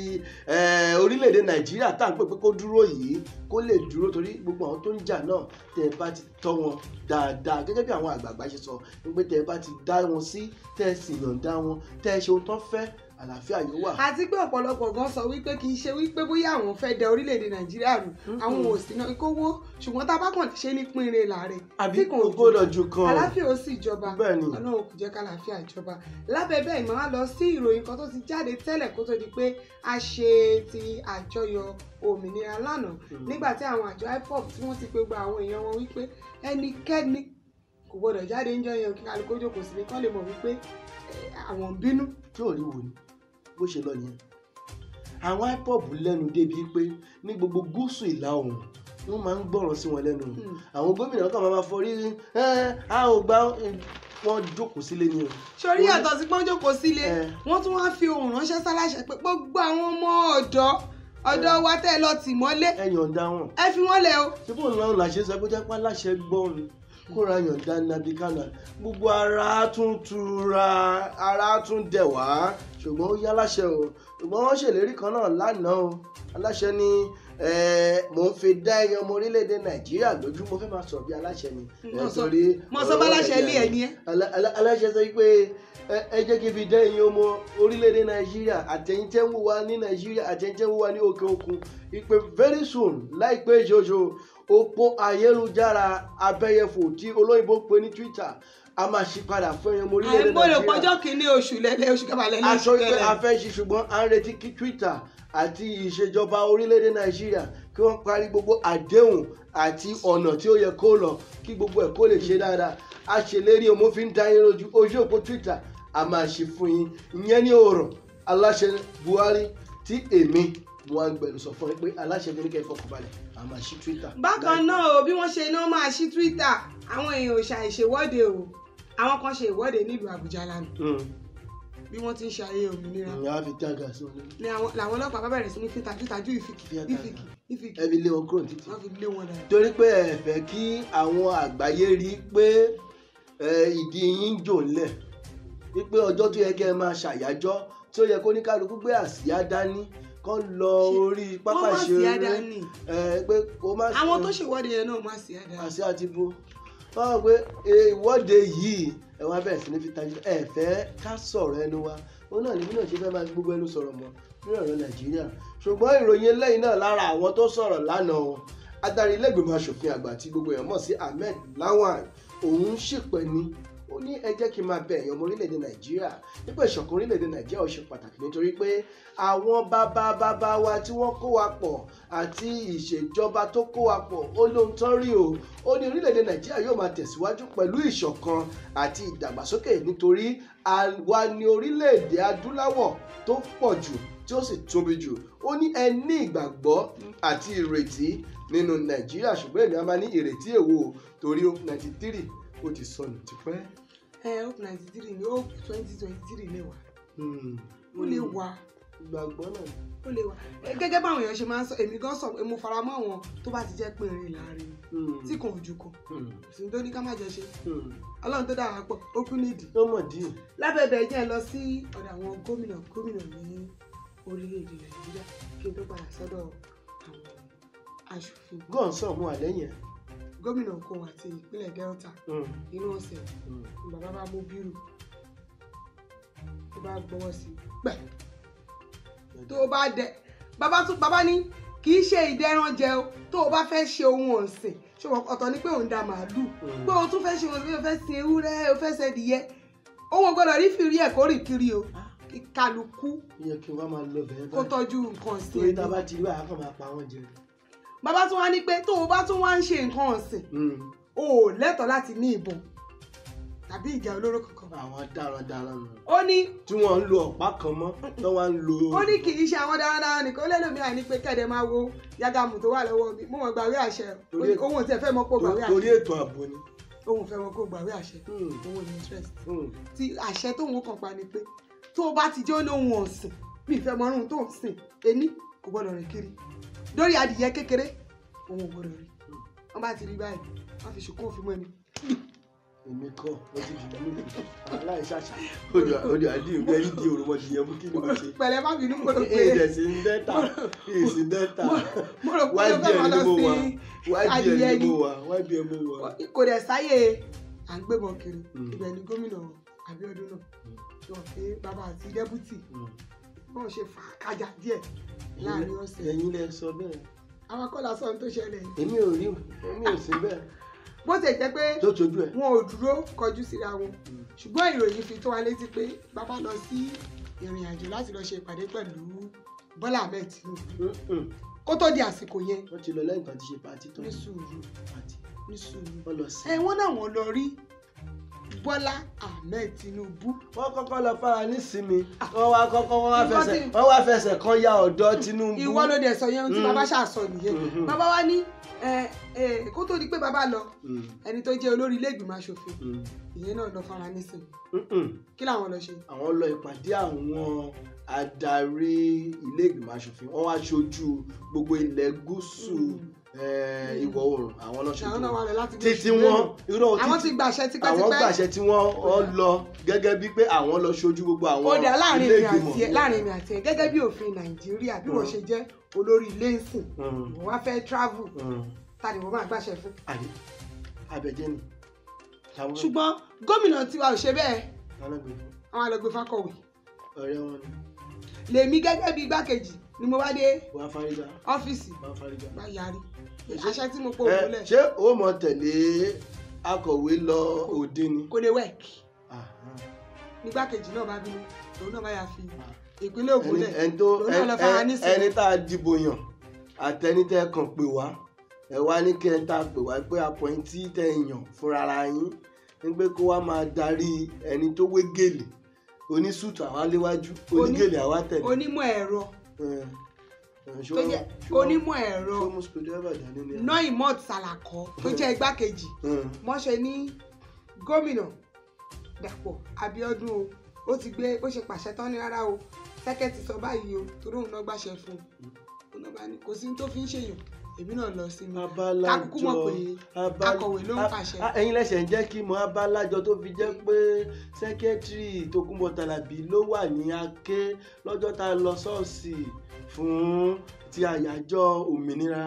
orílẹ̀-èdè Nàìjíríà tá à ń pè pé kó dúró yìí kó lè dúró torí gbogbo àwọn tó ń jà náà tẹ́ ẹ bá ti tọ́ wọn dáadáa gẹ́gẹ́ bí àwọn àgbààgbà ṣe sọ pé tẹ́ ẹ bá ti dá wọn sí tẹ́ ẹ sì yàn dá wọn tẹ́ ẹ ṣe ohun tó fẹ́ àlàáfíà yóò wà. àti pé ọ̀pọ̀lọpọ̀ gan sọ wípé kì í ṣe wípé bóyá àwọn fẹ́ dẹ orílẹ̀-èdè nàìjíríà rù àwọn ò sí náà kówó ṣùgbọ́n tá a bá kàn ṣe ní pinre làárẹ̀. àbí kò gbọdọ̀ ju kan àlàáfíà ó sì jọba ọlọ́run kò jẹ́ kàlàáfíà jọba lábẹ́ bẹ́ẹ̀ ìmọ̀ á lọ sí ìròyìn kan tó ti jáde tẹ́lẹ̀ kó tó di pé a ṣe ti àjọyọ̀ òmìnira lánàá mm. nígbà tí àwọn àjọ IPOB tí wọ́n ti pe gba àwọn èèyàn wọn wípé ẹnikẹ́ni kò gbọdọ̀ jáde ń jọyàn kí kálukú jókòó sílé kán lè mọ̀ wípé eh, àwọn bínú. tí ò rí wò ni bó ṣe lọ nìyẹn àwọn ipob lẹ́nu débi pé ní gbogbo gúúsù ìlà oòrùn wọ́n máa ń gbọ́ràn sí wọn lẹ́nu hmm. àwọn gómìnà kan máa forí a ò gbà wọ́n jókòó sílé ni o. sori yàtọ̀ sí pé jókòó sílé wọ́n tún wáá fi ohun ránṣẹ́ sáláṣẹ pé gbogbo àwọn ọmọ ọ̀dọ́ ọ̀dọ́ wa tẹ́ lọ tì mọ́lé. ẹ fi wọn lẹ o. ṣé bóun náà làṣẹ sọ pé jẹ́ pé gbọ́ ni kóra yọ̀ǹda nàbìkánà gbogbo ara tún tura ara tún dẹ̀ wá ṣùgbọ́n ó yá láṣẹ o ṣùgbọ́n wọ́n ṣèlérí kan náà lánàá o aláṣẹ ni mò ń fi dá ẹyàn ọmọ orílẹ̀-èdè nàìjíríà lójú mo fẹ́ máa sọ bí aláṣẹ ni. mo sọ bá aláṣẹ ilé ẹ ní ẹ. aláṣẹ sọ pé ẹ jẹ́ kí n fi dá ẹyàn ọmọ orílẹ̀-èdè nàìjíríà àtẹ̀yìntẹ́ ń wò wá ní nàìjíríà àtẹ̀yìntẹ́ ń wò wá ní òkè òkun ìpè very soon láìpẹ́ ìṣoṣo òpó ayélujára abẹ́yẹfò tí olóyìnbó ń pè ní Twitter a máa ṣí padà fún ẹyẹ mo rí lẹ́nu nàìjíríà àìmọye pọjọ kìíní oṣù lẹlẹ oṣù kẹfà lẹlẹ oṣù kẹlẹ. aṣọ ìpè afẹ́ṣi ṣùgbọ́n à ń retí kí Twitter àti ìṣèjọba orílẹ̀-èdè nàìjíríà kí wọ́n parí gbogbo àdéhùn àti ọ̀nà tí ó yẹ kó lọ kí gbogbo ẹ̀ lè ṣe dáadáa a ṣèlérí òmófin dáyé lójú ojú òpó Twitter a máa ṣí fún yín ìyẹn ní ọ̀rọ̀ aláṣẹ Buhari tí èmi mo wá ń gbẹ̀rù sọ fún yín pé aláṣẹ mi ní kẹ́ ẹ fọkànbalẹ̀ a máa ṣí twitter. bákan náà o bí wọ́n ṣe iná máa ṣí twitter àwọn èèyàn ò ṣàìṣèwọ́de o àwọn kan ṣe ìwọ́de nílùú àbújá lánàá hmm. bí wọ́n ti ń ṣe ayé òmìnira. ìyá fi jága sí wọn. ni àwọn ọlọ́pàá bá bẹ̀rẹ̀ sí ní fìtàjútàjú ìfìkì ìfìkì ìfìkì. ẹbí lé wọn kúrò títí. wọ́n fi lé wọn dànù. torí pé ẹ fẹ́ kí àwọn àgbáyé rí pé ìdí yín jò ńlẹ̀ wípé ọjọ́ tó yẹ kẹ́ ẹ máa ṣàyájọ́ tó yẹ kó ní kálukú gbé àsíá dání kọ́ lọ orí pápá ìṣeré pé kò má sí. àwọn tó ṣèwọ́de yẹn náà má sí àdá. má sí àtibó báwo pé ìwọ́de yìí ẹ wá bẹ̀rẹ̀ sí ní fi tajú ẹ fẹ́ ká sọ̀rọ̀ ẹnu wa òun náà níbi náà ṣe fẹ́ máa gbogbo ẹnu sọ̀rọ̀ mọ́ ní ọ̀rọ̀ nàìjíríà ṣùgbọ́n ìròyìn eléyìí náà lára àwọn tó sọ̀rọ̀ lánàá o adarí ilé ìgbìmọ̀ asòfin àgbà tí gbogbo èèyàn mọ̀ sí Ahmed Lawan òun ṣìpẹ̀ ni ó ní ẹ jẹ́ kí n máa bẹ ẹ̀yàn ọmọ orílẹ̀-èdè nàìjíríà nípa ìṣọ̀kan orílẹ̀-èdè nàìjíríà ó ṣe pàtàkì nítorí pé àwọn bàbá bàbá wa tí wọ́n kó wa pọ̀ àti ìṣèjọba tó kó wa pọ̀ ó lóhun tán rí o ó ní orílẹ̀-èdè nàìjíríà yóò máa tẹ̀síwájú pẹ̀lú ìṣọ̀kan àti ìdàgbàsókè nítorí àwa ni orílẹ̀-èdè adúláwọ̀ tó pọ̀ jù tí ó sì tóbi jù ó ní ẹ ní ìgbàgbọ́ àti ìrètí nínú nàìjíríà ṣùgbọ́n èmi a máa ní ìrètí èwo torí ninety three ó ti sọnù tipẹ́ ẹ twenty twenty three hmm. lè hmm. wà ó lè wà gbàgbọ́ náà ó lè wà gẹ́gẹ́ báwọn èèyàn ṣe máa ń sọ èmi gan sọ mo fara mọ́ àwọn tó bá ti jẹ́ pé rìn láàrin hmm. tí kò ojú kan sì ń dóní ká má jọ ṣe ọlọ́run tó dára pọ̀ ó kú nídìí ó mọ̀ díì lábẹ́bẹ̀ yẹn lọ sí ọ̀dọ̀ àwọn gómìnà gómìnà ní orílẹ̀-èdè nàìjíríà kí n tó padà sọ́dọ̀ àwọn aṣòfin. gọ́ọ̀nsọ̀ mu àlẹ́ yẹn gómìnà Oko àti ìpínlẹ̀ Delta inú hmm. ọ̀sẹ̀ hmm. bàbá bá mú bírù tó bá gbọ́wọ́ sí pẹ̀ tó bá dẹ bàbá tún bàbá ní kì í ṣe ìdẹran jẹ o tó o bá fẹ́ ṣe ohun ọ̀sìn ṣùgbọ́n ọ̀tọ̀ ni pé òun da màálù hmm. pé o tún fẹ́ ṣe ohun ọ̀sìn o fẹ́ sin ewúrẹ́ o fẹ́ sẹ́dìyẹ ohun gbọ́dọ̀ rí fìrí ẹ̀ kó rìn kiri o ah. kálukú kó tọ́jú nǹkan sí i. torí tá a bá ti rí àákàn máa pa wọ́n bàbá tún wá ní pé tó o bá tún wá ń ṣe nǹkan ọ̀sìn hmm. o ò lẹ́tọ̀ọ́ láti ní ìbọn tàbí ìjà olóró kankan. àwọn darandaran nù. ó ní. tí wọ́n ń lo ọ̀pá kan mọ́ tó wá ń lo. ó ní kì í ṣe àwọn darandaran nìkan ó lẹ́nu mi àní pé kẹ́dẹ̀ máa wo yàgàmù tó wà lọ́wọ́ mi mo mọ̀ gbàwé àṣẹ ohun tí ẹ fẹ́ mọ́ pọ̀ gbàwé àṣẹ. torí ètò ààbò ni òun fẹ́ wọn kó gbàwé àṣẹ hmm. owó interest hmm. ti àṣẹ tóun kàn pa ni pé tó o bá ti jẹ́ ó ní ohun ọ̀sìn mi ìfẹ́ mọ́rún tó ń sìn lórí adìyẹ kékeré òun ò gbọdọ̀ rí wọn bá ti rí báyìí wọn fi ṣùkú òfin mọ ẹni. èmi kọ ó ti dùn mí aláìṣàṣà ó di àdìyẹ bí ẹni di òrùmọ di yẹn mú kí ni mo ṣe. pẹ̀lẹ́ má bínú mo rò pé èyí sì ń dẹ́ta èyí sì ń dẹ́ta wájú ẹ ni mo wà wájú ẹ ni mo wà ẹ mo wà. kò dẹ̀ sáyé à ń gbébọn kiri hmm. ibẹ̀ gómìnà Abíọ́dún náà yọ̀ hmm. pé bàbá àti dẹ́bùtì hmm wọn ṣe fà kájà díẹ̀ láàrin ọ̀sẹ̀. ẹ̀yin lẹ sọ bẹ́ẹ̀. àwọn akọ́là sọ ohun tó ṣẹlẹ̀. èmi ò rí èmi ò sí bẹ́ẹ̀. bó ṣe jẹ́ pé wọn ò dúró kọjú síra wọn hmm. ṣùgbọ́n ìròyìn fi tó wa létí pé bàbá lọ sí ìrìn àjò láti lọ ṣe ìpàdé pẹ̀lú Bọ́lá Ahmed Tinubu kó tó di àsìkò yẹn. wọ́n ti lọ lẹ́yìn kan ti ṣe pàtí tó ní sùúrù pàtí ní sùúrù. ẹ wọ́n náà wọ́n lọ rí bọ́lá ahmed tinubu. wọ́n kọ́kọ́ lọ fara nísìmí wọ́n wá kọ́kọ́ wọ́n wá fẹsẹ̀ wọ́n wá fẹsẹ̀ kan ya ọ̀dọ̀ tinubu. ìwọ ló dẹ̀ sọ yẹn tí bàbá mm. ṣàṣọ nìyẹn mm-hmm. bàbá wa ní kó tó di pé bàbá lọ mm. ẹni tó jẹ́ olórí ilé asòfin mm. ìyẹn náà lọ fara nísìmí kí làwọn lọ ṣe. àwọn lọ ìpàdé àwọn adarí ilé ìgbìmọ̀ aṣòfin wọ́n wá ṣojú gbogbo ilẹ̀ gúúsù mm. Eh, mm. ìwọ̀ oòrùn àwọn ọlọ́ṣọ́jú títí wọn irọ́ títí àwọn ti gbàṣẹ tipẹ́tipẹ́ àwọn gbàṣẹ tí wọ́n lọ gẹ́gẹ́ bíi pé àwọn lọ ṣojú gbogbo àwọn ilé ìgbìmọ̀ kódà láàrin mi àti ẹ gẹ́gẹ́ bí òfin nàìjíríà bí wọ́n mm. ṣe jẹ́ olórí ilé ìsìn wọ́n á fẹ́ travel ta ni wọ́n máa gbàṣẹ fún. àbẹ̀jẹ́ ni. ṣùgbọ́n gómìnà tiwa ò ṣe bẹ́ẹ̀ àwọn àlọ́gbẹ̀fà kọ̀wé. ọ̀rẹ́ wọn ni lèmi gẹ́gẹ́ bí igbákejì ni mo wá dé ọ́fíìsì bá yarí àṣẹ tí mo pọ̀ òun ṣé o mọ̀ tẹ̀lé akọ̀wé lọ òde ni. kò lè wẹ̀kì nígbàkejì náà bá bínú òun náà bá yà fi ìpínlẹ̀ Ògùn lẹ̀ òun náà lọ fara nísìnyí. ẹni tá a dìbò yàn àtẹni tẹ kàn pè wá ẹ wá ní kí ẹ ta pè wá pé appointee tẹ yàn fúnra yín ń gbé kó wá máa darí ẹni tó wé gèlè onísùtù àwa léwájú onígèlè àwa tẹ̀lé. onímọ̀ ẹ̀rọ. onímọ̀ ẹ̀rọ noimot salakọ tó jẹ́ igbákejì mọ́ṣẹ́ ní gómìnà Dàpọ̀ Abíọ́dún o ó ti gbé ó ṣe pàṣẹ tán ní rárá o sẹ́kẹ̀tì sọ báyìí o torí òun náà gbàṣẹ fún un òun náà bá ní kò sí ní tó fi ń ṣèyàn èmi náà lọ sí mi kákúkú mọ̀ pé akọ̀wé ló ń pàṣẹ. ẹ̀yin lẹsẹ ń jẹ kí mọ abalájọ tó fi jẹ pé sẹkẹtìrì Tókunbọ̀ ló wà ní Aké lọ́jọ́ tá a lọ ṣọ́ọ̀ṣì fún ti àyájọ́ òmìnira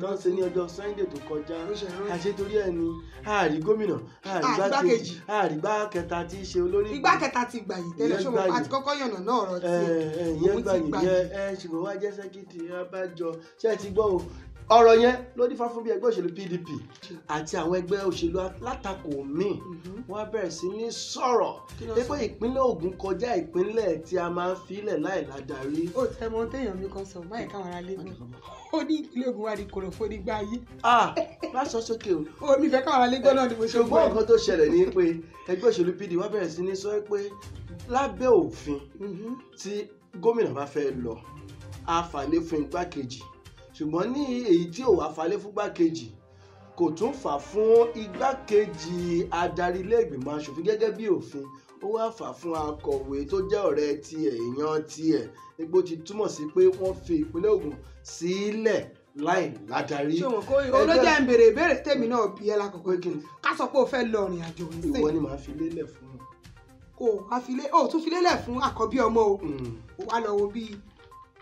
tó ń ṣe ní ọjọ́ Sunday tó kọjá àṣetorí ẹ̀ ni ààrí gómìnà ààrí ah, gbákejì ààrí gbá kẹta ṣe olórí. igbá ti gbà yìí tẹ́lẹ̀ ṣọwọ́ àti kọ́kọ́ yànnà náà ọ̀rọ̀ tiẹ̀ òun ti gbà yìí. ẹ ṣùgbọ́n wá jẹ́ sẹ́kítì abájọ ṣé ẹ ti gbọ́ o ọ̀rọ̀ yẹn ló dífá fún bí ẹgbẹ́ òṣèlú PDP àti àwọn ẹgbẹ́ òṣèlú alátakò míì mhm. wọ́n á bẹ̀rẹ̀ sí ní sọ̀rọ̀ pé ìpínlẹ̀ Ògùn kọjá ìpínlẹ̀ tí a máa ń filẹ̀ láì ládarí. ó tẹ mọ téèyàn mi kan sọ báyìí káwọn ará lé gbọ́ ó ní ìpínlẹ̀ Ògùn wà ní kòròfó ní gbá yé. a má sọ sókè o. ó mi fẹ́ káwọn ará lé gbọ́ náà ni mo ṣe gbọ́. ṣùgbọ́n nǹkan tó ṣẹlẹ̀ ni pé ẹgbẹ́ òṣèlú PDP wọ́n bẹ̀rẹ̀ sí ní sọ pé lábẹ́ òfin mhm. tí gómìnà bá fẹ́ lọ àfàlẹ́ fún igbákejì ṣùgbọ́n ní èyí tí ò wá falẹ̀ fúngbà kejì kò tún fà fún igbákejì adarí ilé-ìgbìmọ̀ asòfin gẹ́gẹ́ bí òfin ó wá fà fún akọ̀wé tó jẹ́ ọ̀rẹ́ tiẹ̀ èèyàn tiẹ̀ egbò ti túmọ̀ sí pé wọ́n fi ìpínlẹ̀ Ògùn sílẹ̀ láì ládarí. ṣé wọn kò olójà ń béèrè ìbéèrè tèmi náà bí ẹ lákòókò ìkíni ká sọ pé o fẹ́ lọ rìn àjò yìí. ìwọ ni màá fi lélẹ̀ fún un. o àfilé o tún fi lélẹ̀ fún àkọ́bí ọmọ o. Hmm. o wá lọ wo bíi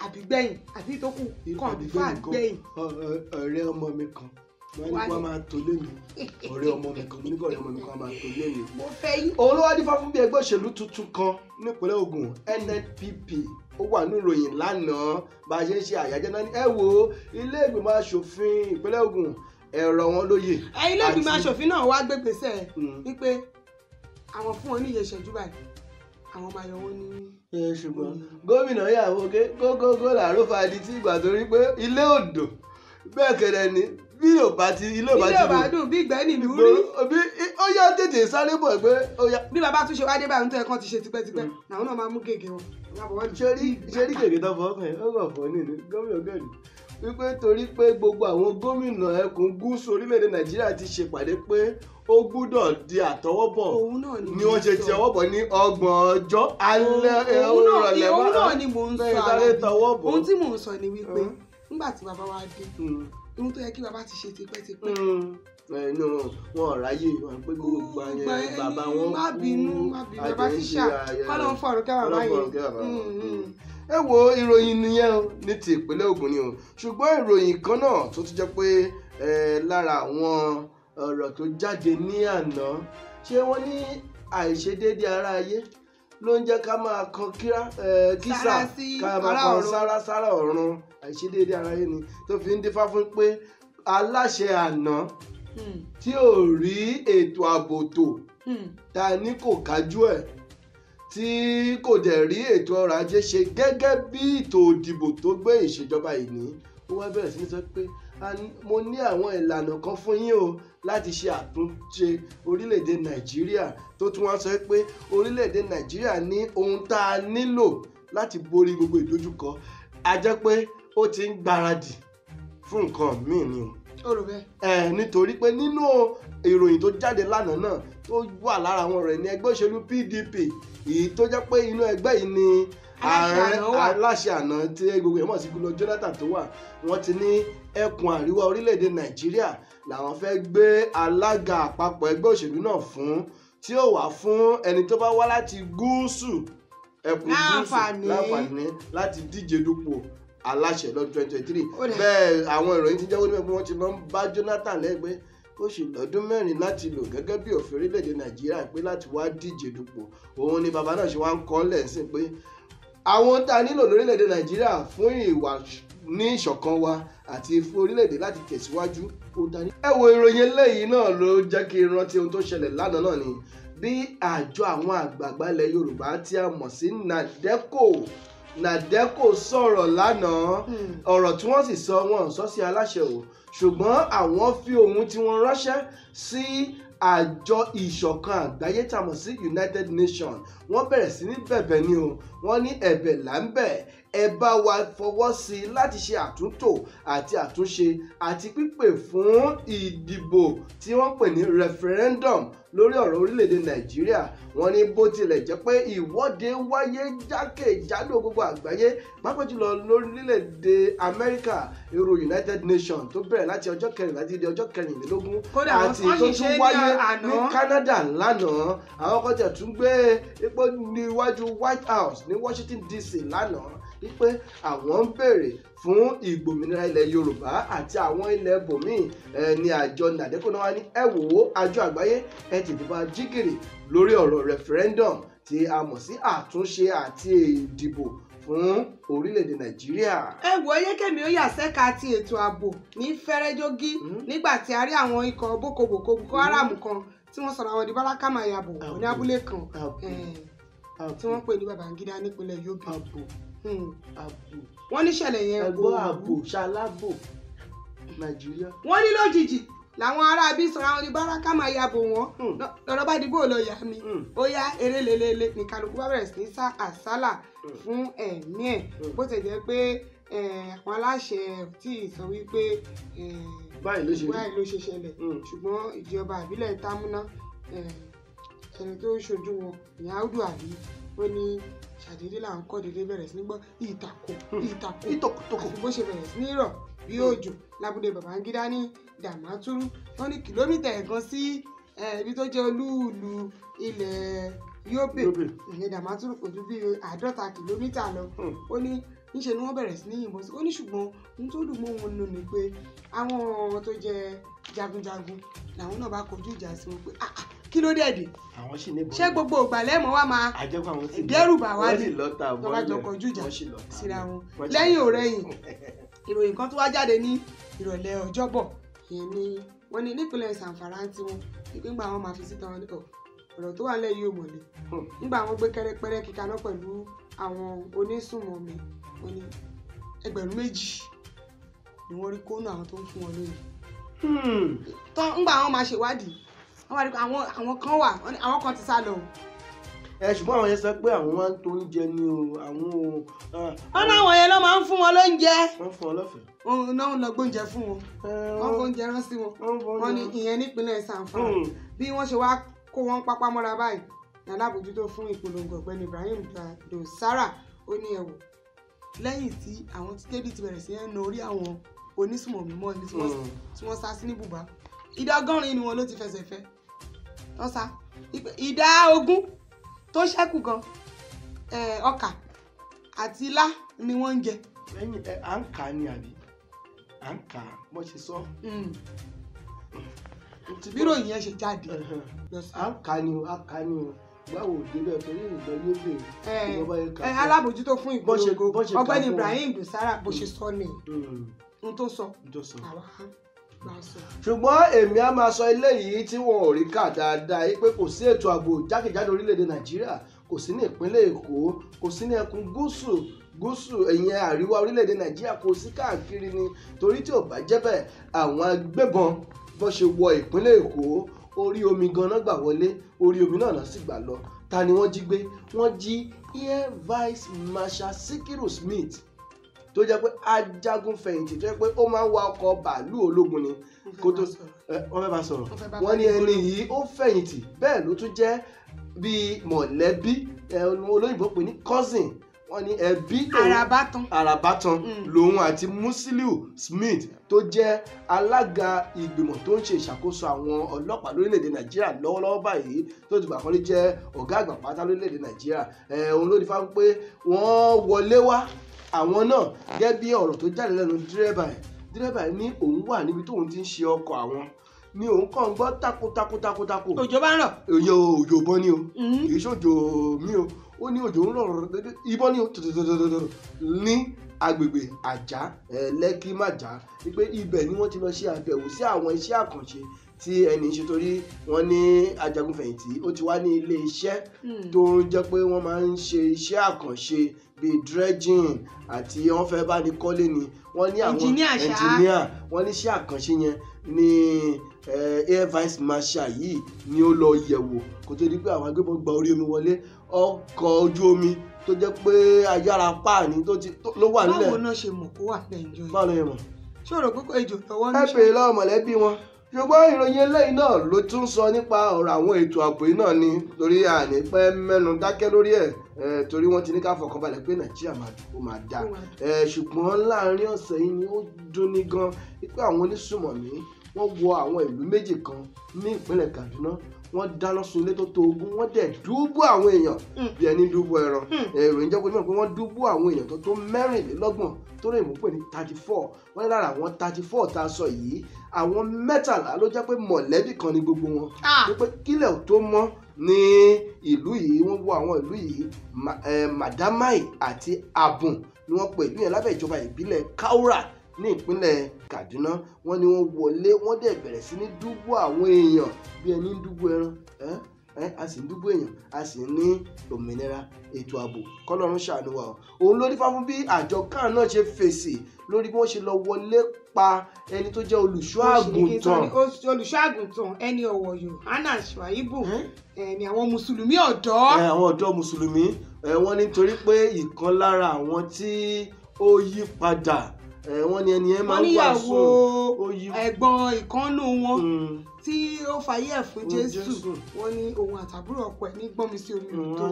àbígbẹ̀yìn àbí ìtókù kan àbí fún àgbẹ̀yìn. ọ̀rẹ́ ọmọ mi kan wọ́n ní kí wọ́n máa tó lémi ọ̀rẹ́ ọmọ mi kan mo ní kí ọ̀rẹ́ ọmọ mi kan máa tó lémi. mo fẹ́ yín. òun ló wá dífá fún bí ẹgbẹ́ òṣèlú tuntun kan nípínlẹ̀ Ògùn NNPP ó wà ní ìròyìn lánàá bá a ṣe ń ṣe àyájọ́ náà ní ẹ wo ilé ìgbìmọ̀ asòfin ìpínlẹ̀ Ògùn ẹ̀rọ wọn lóye. ilé ìgbìmọ̀ asòfin náà wá gbé gbèsè hmm. wípé àwọn fún wọn ní iye ìṣẹ́jú báyìí àwọn máa yọ wọ́n ní. ẹ ṣùgbọ́n gómìnà yàwó ké gógógó làárọ̀ fàdí tí ìgbà tó rí pé ilé òdò bẹ́ẹ̀ kẹ̀rẹ̀ ni bí ò bá ti ilé ò bá ti dùn ilé ò bá dùn bí ìgbẹ́ni mi rí. bí ó yá tètè sáré bọ̀ pé ó yá. bí bàbá tún ṣe wá dé báyìí nítorí kan ti ṣe tipẹ́tipẹ́ mm. làwọn náà máa mú gègé wọn. ṣé rí gègé tó fọ́ yẹn ó kàn fọ́ nínú gómìnà gẹ̀ẹ́dì wípé torí pé gbogbo àwọn gómìnà ẹkùn gúúsù orílẹ̀-èdè nàìjíríà ti ṣèpàdé pé ó gbúdọ̀ di àtọwọ́bọ̀ ni wọ́n ṣe ti ọwọ́bọ̀ ní ọgbọ̀n ọjọ́ alẹ́ ìrọ̀lẹ́ wá òun náà ni mò ń sọ àwọn ohun tí mò ń sọ ni wípé nígbà tí bàbá wa dé hmm. ohun tó yẹ kí bàbá ti ṣe tipẹ́tipẹ́ hmm. ẹnu wọn ráyè wọn pé gbogbo àyẹn bàbá wọn. má bínú má bínú hmm. bàbá tíṣà kọ́ ló ń fọ àrùkẹ́ bàbá yẹn ẹ wo ìròyìn nìyẹn o ní ti ìpínlẹ̀ Ògùn ni o ṣùgbọ́n ìròyìn kan náà tó ti jẹ́ pé lára àwọn ọ̀rọ̀ tó jáde ní àná ṣé wọ́n ní àìṣedéédé ara ayé ló ń jẹ́ ká máa kan kísà ká máa kan sára sára ọ̀run àìṣedéédé ara ayé ni tó fi ń dífá fún pé aláṣẹ àná hmm. tí ò rí ètò ààbò tò hmm. ta ni kò kájú ẹ̀ tí kò dẹ̀ rí ètò ọrọ̀ ajé ṣe gẹ́gẹ́ bí ètò òdìbò tó gbé ìṣèjọba ìní ó wá bẹ̀rẹ̀ sí ní sọ pé mo ní àwọn ìlànà kan fún yín o láti ṣe àtúnṣe orílẹ̀-èdè nàìjíríà tó tún wá sọ pé orílẹ̀-èdè nàìjíríà ní ohun tá a nílò láti borí gbogbo ìdojúkọ a jẹ́ pé ó ti ń gbáradì fún nǹkan míì ni o. ó rò bẹ́ẹ̀. ẹ nítorí pé nínú ìròyìn tó jáde lánàá náà tó wà lára àwọn rẹ̀ ní ẹgbẹ́ òṣèlú PDP èyí tó jẹ́ pé inú ẹgbẹ́ yìí ni ààrẹ aláṣẹ àná tí gbogbo èèmọ̀ sí gbogbo Jonathan tó wà wọ́n ti ní ẹkùn àríwá orílẹ̀-èdè Nàìjíríà làwọn fẹ́ gbé alága àpapọ̀ ẹgbẹ́ òṣèlú náà fún tí ó wà fún ẹni tó bá wá láti gúúsù ẹkùn gúúsù láǹfààní láti díje dupò aláṣẹ lọ́dún twenty twenty three bẹ́ẹ̀ àwọn ìròyìn ti jẹ́wọ́ wọ́n ti máa ń bá Jonathan lẹ́gbẹ̀ẹ́ ó sì lọ́dún mẹ́rin láti lò gẹ́gẹ́ bí òfin orílẹ̀-èdè nàìjíríà pé láti wá díje dupò òun ni bàbá náà ṣe wá ń kọ́ lẹ́sìn pé àwọn tá a nílò lórílẹ̀-èdè nàìjíríà fún ìwà ní ìṣọ̀kan wa àti fún orílẹ̀-èdè láti tẹ̀síwájú ó ta ẹ wo ìròyìn eléyìí náà ló jẹ́ kí n rántí ohun tó ṣẹlẹ̀ lánàá náà ni bí àjọ àwọn àgbààgbà ilẹ̀ yorùbá tí a mọ̀ sí nàdẹ́kò nàdẹ́kò sọ̀rọ̀ lánàá hmm. ọ̀rọ̀ tí wọ́n sì sọ wọn sọ sí aláṣẹ o ṣùgbọ́n àwọn fi ohun tí wọ́n ránṣẹ́ sí àjọ ìṣọ̀kan àgbáyé tá sí United Nations wọ́n bẹ̀rẹ̀ sí ní bẹ̀bẹ̀ ni o wọ́n ní ẹ̀bẹ̀ là ń bẹ̀ ẹ bá wa fọwọ́ sí i láti ṣe àtúntò àti àtúnṣe àti pípè fún ìdìbò tí wọ́n pè ní referendum lórí ọ̀rọ̀ orílẹ̀-èdè nàìjíríà wọ́n ní bó tilẹ̀ jẹ́ pé ìwọ́de wáyé jákèjádò gbogbo àgbáyé pápá jùlọ lórílẹ̀-èdè amẹ́ríkà euro united nations tó bẹ̀rẹ̀ láti ọjọ́ kẹrìnlá títí di ọjọ́ kẹrìnlélógún àti tó tún wáyé ní canada lánàá àwọn kan tẹ̀ tún gbé epo níwájú white house ní washington dc lánàá wípé àwọn ń béèrè fún ìgbòmìnira ilẹ̀ yorùbá àti àwọn ilẹ̀ bòmíì ní àjọ nàdẹ́kùnà wa ní ẹ wò ó àjọ àgbáyé ẹ tètè bá jígìrì lórí ọ̀rọ̀ referendum tí a mọ̀ sí àtúnṣe àti ìdìbò fún orílẹ̀-èdè nàìjíríà. ẹ wo eyékèmí ó yà sẹ́ka ti ètò ààbò ní fẹ́rẹ́jógí hmm? nígbà tí a rí àwọn ikọ̀ bókobòko boko hmm? haram kan tí wọ́n sọ̀rọ̀ àwọn di bálákà máa yàbò ní abúlé kan tí wọ́n pè ní babangida nípínlẹ̀ yobe. Hmm, àbò wọ́n níṣẹ̀lẹ̀ yẹn ẹ̀gbọ́n àbò ṣalábò nàìjíríà. wọ́n ní lójijì làwọn ará bí sanra wọn ní báràkà máa ya bò wọ́n hmm. lọ́dọ̀ bá dìbò lọ yá mi hmm. ó yá eré lelele ní kálukú bá bẹ̀rẹ̀ sí ní sá àsálà fún ẹ̀mí ẹ̀ bó ti jẹ́ pé àwọn aláṣẹ tí ì sọ wípé báyìí ló ṣe ṣẹlẹ̀ ṣùgbọ́n ìjọba ìbílẹ̀ támúná ẹni tó ṣojú wọn ìyá áùdù àbí ó ní ṣàdédé là ń kọ́ dédé bẹ̀rẹ̀ sí ní gbọ́ ìtàkùn hmm. ìtàkùn ìtòkùtòkù bó ṣe bẹ̀rẹ̀ sí ní rọ̀ bí òjò labúdé Babangida ní Damaturu wọn ní kìlómítà ẹ̀gan sí ibi tó jẹ́ olúùlú ilẹ̀ Yobe ìyẹn Damaturu kò ju bí àádọ́ta kìlómítà lọ hmm. ó ní níṣẹ́ ni wọ́n bẹ̀rẹ̀ sí ní yìnbọn sí ó ní ṣùgbọ́n ohun tó dùn mọ́ wọn nù ni pé àwọn tó jẹ́ jagunjagun làwọn náà bá kojú ìjà sí wọn pé ah, ah, kí ló dẹ̀ dé ṣé gbogbo ìgbàlẹ́ mọ́ wa máa dẹ́rùbà wá ní lọ́bàjọ́ kọjú ìjà síra wọn lẹ́yìn ọ̀rẹ́yìn ìròyìn kan tó wá jáde ní ìrọ̀lẹ́ ọjọ́bọ̀ yẹn ni wọ́n ní nípínlẹ̀ sàǹfàrà ń tiwọn ìpínpà wọn máa fi síta wọn nípa ọ̀rọ̀ tó wà nílẹ̀ yìí ò mọ̀lẹ́ hmm. nígbà wọn gbé kẹrẹpẹrẹ kíkaná pẹ̀lú àwọn onísùnmọ̀mí wọn ní ẹgbẹ̀rún méjì ni wọ́n rí kónú àwọn tó ń fún wọn lóyún. Hmm. tán ńgbà wọn máa ṣèwádìí wọ́n wá rí àwọn àwọn kan wà àwọn kan ti sá lọ. ẹ ṣùgbọ́n àwọn yẹn sọ pé àwọn máa ń tó oúnjẹ ni o àwọn o. wọ́n ní àwọn ló máa ń fún wọn lóúnjẹ. wọ́n fún wọn lọ́fẹ̀ẹ́. òun náà lọ gbóúnjẹ fún wọn wọ́n gbóúnjẹ rán sí wọn wọ́n ní ìyẹn nípínlẹ̀ sàǹfààní hmm. bí wọ́n ṣe wá kó wọn pápá mọ́ra báyìí ní fún ìpolongo ọ̀gbẹ́ni Ibrahim Dosara ó ní ẹ̀wọ̀ lẹ́yìn tí àwọn tí hmm. wọ́n sá ni wọn ló ti fẹsẹ̀ fẹ́ lọ́sà ìdá ogún tó ṣẹ́kù gan ọkà àti ilá ni wọ́n ń jẹ. lẹ́yìn ẹ à ń kà á ni àbí à ń kà á bó ṣe sọ. Hmm. Hmm. bírò yẹn ṣe jáde. à ń kà á ni o à ń kà á ni o báwo ò torí ìgbà yóò bèrè ìjọba yẹn kà á. alábòjútó fún ìgbòho ọgbẹ́ni Ibrahim dusara bó ṣe sọ nìyí hmm. n tó sọ àwa ṣùgbọ́n èmi á máa sọ eléyìí tí wọn ò rí kà dáadáa yìí pé kò sí ètò ààbò jákèjádò orílẹ̀-èdè nàìjíríà kò sí ní ìpínlẹ̀ èkó kò sí ní ẹkùn gúúsù gúúsù ẹ̀yìn àríwá orílẹ̀-èdè nàìjíríà kò sí káàkiri ni torí tí ò bá jẹ́ bẹ́ẹ̀ àwọn agbébọn bó ṣe wọ ìpínlẹ̀ èkó orí omi ganan gbà wọlé orí omi náà sì gbà lọ ta ni wọ́n jí gbé wọ́n jí air vice marshal sikiru smith tó jẹ́ pé ajagun fẹ̀yìntì tó jẹ́ pé ó máa ń wa ọkọ̀ bàálù ológun ni kó tó wọ́n fẹ́ bá sọ̀rọ̀ wọ́n ní ẹni yìí ó fẹ̀yìntì bẹ́ẹ̀ ló tún jẹ́ bíi mọ̀lẹ́bí olóyìnbó pè ní cousin wọ́n ní ẹbí àràbátan àràbátan mm. lòun àti Musiliu Smith tó jẹ́ alága ìgbìmọ̀ tó ń ṣe ìṣàkóso àwọn ọlọ́pàá lórílẹ̀‐èdè Nàìjíríà lọ́wọ́lọ́wọ́ báyìí tó ti gbà kan ló jẹ́ ọ̀gá àgbà pátá lórílẹ̀‐èdè Nàìjíríà òun ló ní fáwọn pé wọ́n wọlé wá àwọn náà gẹ́gẹ́ bí ọ̀rọ̀ tó jáde lẹ́nu dírẹ́bà ẹ̀ dírẹ́bà ẹ̀ ní òun wà níbi tóun ti ń ṣe ọkọ̀ àwọn ni òun kàn ń gbọ́ tako tako tako tako. òjò bá ń rọ̀. òjò òjò bọ́ ni o mm-hmm. kì í ṣòjò mi o ó ní òjò ń rọ̀ ìbọn ni o tòtòtòtòtò ní agbègbè àjà eh, lẹ́kí màjà wípé ibẹ̀ ni wọ́n ti lọ ṣe àbẹ̀wò sí àwọn iṣẹ́ àkànṣe tí ẹni ṣe torí wọ́n ní ajagunfẹ̀yìntì ó ti wá ní ilé iṣẹ́ hmm. tó ń jẹ́ pé wọ́n máa ń ṣe iṣẹ́ àkànṣe bíi dredging àti wọ́n fẹ́ bá ní kọ́lé ni wọ́n ní àwọn ẹnjìníà wọ́n ní iṣẹ́ àkànṣe yẹn ní air vice marshal yìí ni ó lọ yẹ̀wò kó tó di pé àwọn agbébọn gba orí omi wọlé ọkọ̀ ojú omi tó jẹ́ pé ayára páàní ló wà nílẹ̀. báwo náà ṣe mọ̀ kó wà nàìjíríà. báwo ló yẹ mọ̀. ṣé o rò pé ejò lọ́wọ́ ní. ẹ bèèrè lọ́wọ́ mọ̀lẹ́bí wọn ṣùgbọ́n ìròyìn eléyìí náà ló tún sọ nípa ọ̀rọ̀ àwọn ètò ààbò yìí náà ni torí àní pẹ́ mẹ́nu dákẹ́ lórí ẹ̀ torí wọ́n ti ní ká fọkànbalẹ̀ pé nàìjíríà ó máa dáa ṣùgbọ́n láàrin ọ̀sẹ̀ yìí ni ó dunni gan pé àwọn onísùmọ̀mí wọ́n wọ àwọn ìlú méjì kan ní ìpínlẹ̀ kaduna wọ́n dáná sun ilé tó tó ogún wọ́n dẹ̀ dúbú àwọn èèyàn hmm. bí ẹni dúbú ẹran ìròyìn hmm. jẹ́ kó nímọ̀ pé wọ́n dúbú àwọn èèyàn tó tó mẹ́rìnlélọ́gbọ̀n tó lè mú pé ní thirty four wọ́n ní lára àwọn thirty four tá a sọ yìí àwọn mẹ́tàlá ló jẹ́ pé mọ̀lẹ́bí kan ni gbogbo wọn tó pé kílẹ̀ ò tó mọ́ ní ìlú yìí wọ́n wọ àwọn ìlú yìí Madamai àti Abun ni wọ́n pè ìlú yẹn lábẹ́ ìjọba ìbílẹ̀ Kaura ní ìpínlẹ̀ Kaduna wọ́n ní wọ́n wọlé wọ́n dẹ̀ bẹ̀rẹ̀ sí ní dúbò àwọn èèyàn bí ẹni ń dúbò ẹran a sì ń dúbò èèyàn a sì ní òmìnira ètò ààbò kọlọ́run ṣàánú wa òun ló dífá fún bí àjọ kan náà ṣe fèsì lórí bí wọ́n ṣe lọ wọlé pa ẹni tó jẹ́ olùṣọ́ àgùntàn. olùṣọ́ àgùntàn ẹni ọ̀wọ̀yọ̀ hannah shuaibu ẹni àwọn mùsùlùmí ọ̀dọ́. àwọn ọ̀dọ́ mùsùlùmí wọ́n nítorí pé ìkan lára àwọn tí ó yí padà wọ́n ní ẹni ẹ máa ń wà sùn wọ́n níyàwó ẹ̀gbọ́n ìkànnù wọn mm. tí ó fàyè fún jésù wọ́n ní òun àtàbúrò ọkọ ẹ̀ ní gbọ́nmi sí omi mm, òtó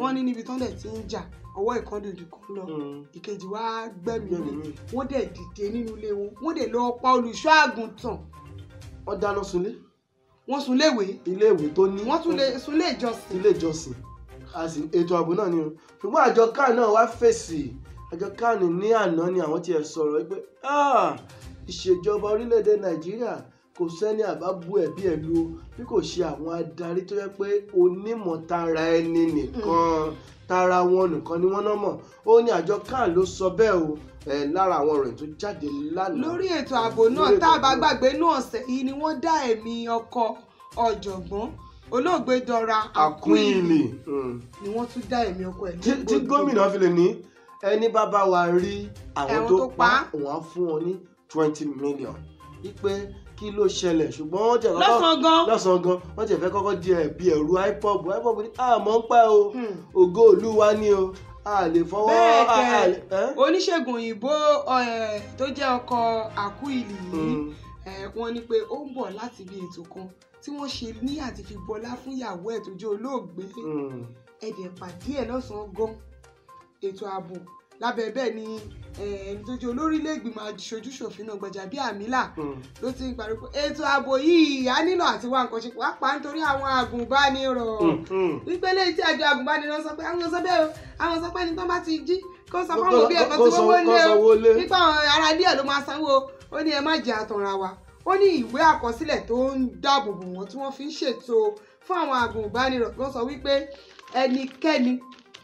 wọ́n ní níbi tọ́lẹ̀ tí ń jà ọwọ́ ìkànnì ìdìkún lọ mm. ìkejì wá gbẹ̀mí rẹ̀ wọ́n dẹ̀ dìde nínú ilé wọn wọ́n dẹ̀ lọ pa olùṣọ́ àgùntàn. wọ́n dáná sunlé. wọ́n sun léèwé. iléèwé tó ní. wọ́n sun ilé ìjọsìn. ilé ìjọsìn ètò ààbò náà ni o ṣùgbọ́n àjọ kan náà wá fèsì àjọ kan ní àná ni àwọn tiẹ̀ sọ̀rọ̀ pé ah, ìṣèjọba orílẹ̀-èdè nàìjíríà kò sẹ́ni àbábú ẹ̀bí ẹ̀ lu bí kò ṣe àwọn adarí tó yẹ pé onímọ̀ tara ẹni nìkan tara wọn nìkan ni wọ́n náà mọ̀ ó ní àjọ kan ló sọ bẹ́ẹ̀ o lára àwọn ọ̀rọ̀ tó jáde lánàá. lórí ètò ààbò náà tá a bá gbàgbé náà ọ̀sẹ̀ yìí ni wọ́n dá ẹ̀mí ọkọ̀ ọ̀jọ̀gbọ́n olóògbé Dora Akunyili mm. ni wọ́n tún dá ẹ̀mí ọkọ̀ ẹ̀ tí gómìnà fi lè ní ẹni bá bá wa rí àwọn tó pa wọ́n fún ọ ní twenty million wípé kí ló ṣẹlẹ̀ ṣùgbọ́n wọ́n jẹ̀ kọ́kọ́ lọ́sàn-án gan wọ́n jẹ̀ fẹ́ kọ́kọ́ di ẹ̀bi ẹ̀rú ipob ipob ní àmọ́ ah, ń pẹ́ o hmm. ògo ìlú wa ni o a lè fọwọ́ bẹ́ẹ̀ kẹ́ oníṣègùn òyìnbó tó jẹ́ ọkọ àkúìlì yìí hmm. wọ́n ní pé ó ń bọ̀ láti ibi ètò kan tí wọ́n ṣe ní àti fi bọlá fún ìyàwó ẹ̀ tó jẹ́ olóògbé hmm. ẹ̀dẹ̀ pàdé ẹ̀ lọ́sàn-án gan ètò ààbò lábẹ́ bẹ́ẹ̀ ni eh, ẹni tó jẹ́ olórí ilé ìgbìmọ̀ aṣojúṣòfin náà Gbajabiamila hmm. ló ti ń parí pé ètò ààbò yìí á nílò àti wá nǹkan ṣe pàápàá nítorí àwọn agùnbánirọ̀ hmm, hmm. wípé lẹ́yìn tí àjọ agùnbánirọ̀ sọ pé àwọn sọ bẹ́ẹ̀ àwọn sọ pé ẹni tó bá ti jí kó sọ fún àwọn òbí ẹ̀kọ́ tí wọ́n wọlé o nípa àwọn ará díẹ̀ ló máa sanwó ó ní ẹ má jẹ́ àtọ̀ra wa ó ní ìwé àkọsílẹ̀ tó ń dáàbò bò tí wọ́n fi ń ṣètò fún àwọn agùnbánirọ̀ ló wípé ẹnikẹ́ni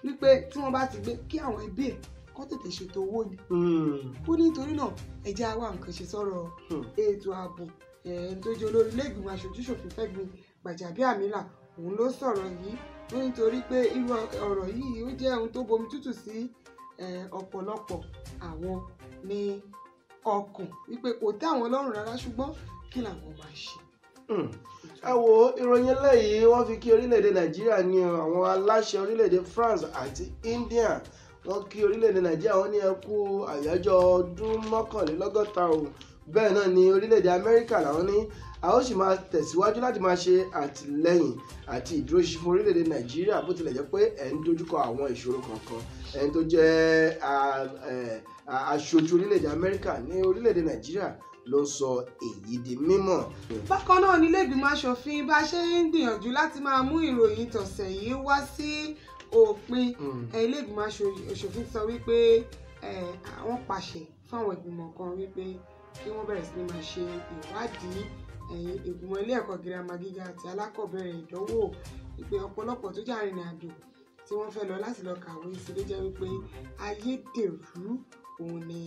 wípé tí wọ́n bá ti gbé kí àwọn ẹbí ẹ̀ kó tètè ṣètò owó ni. Hmm. ó ní nítorí náà ẹ jẹ́ àwa nǹkan ṣe sọ̀rọ̀ hmm. ètò ààbò ẹni tó jẹ́ olórí ilé ìgbìmọ̀ aṣojúṣòfin Fẹ́mi Gbàjàbíàmílà òun ló sọ̀rọ̀ yìí ó nítorí pé irú ọ̀rọ̀ yìí ó jẹ́ ohun tó bomi tútù sí ọ̀pọ̀lọpọ̀ àwọn ní ọkàn wípé kò tẹ́ àwọn lọ́rùn rárá ṣùgbọ́n kí làwọn máa ṣe Hmm. ẹ wo ìròyìn eléyìí wọ́n fi kí orílẹ̀-èdè nàìjíríà ní àwọn aláṣẹ orílẹ̀-èdè France àti India wọ́n kí orílẹ̀-èdè nàìjíríà wọ́n ní ẹ kú àyájọ́ ọdún mọ́kànlélọ́gọ́ta o bẹ́ẹ̀ náà ni orílẹ̀-èdè amẹ́ríkà làwọn ní a ó sì máa tẹ̀síwájú láti máa ṣe àtìlẹ́yìn àti ìdúróṣinṣin fún orílẹ̀-èdè nàìjíríà bó tilẹ̀ jẹ́ pé ẹ̀ ń dojúkọ àwọn ìṣòro kankan ẹni tó jẹ́ aṣojú orílẹ̀-èdè amẹ́ríkà ní orílẹ̀-èdè nàìjíríà ló sọ èyí di mímọ̀. bákan náà nílé ìgbìmọ̀ asòfin bá ṣe ń gbìyànjú láti máa mú ìròyìn tọ̀sẹ̀ yìí wá sí òpin hmm. ilé ìgbìmọ̀ asòfin sọ wípé àwọn pàṣẹ fáwọn ìgbìmọ̀ kan wípé kí wọ́n bẹ̀rẹ̀ sí ni máa ṣe ìwádìí ìgbìmọ̀ ilé ẹ̀kọ́ girama gíga àti alákọ̀ọ́bẹ̀rẹ̀ ìdánwò ìpè ọ̀pọ̀lọpọ̀ tó jẹ́ àjò tí wọ́n fẹ́ lọ láti lọ kàwé sí ló jẹ́ wípé ayédèrú òun ni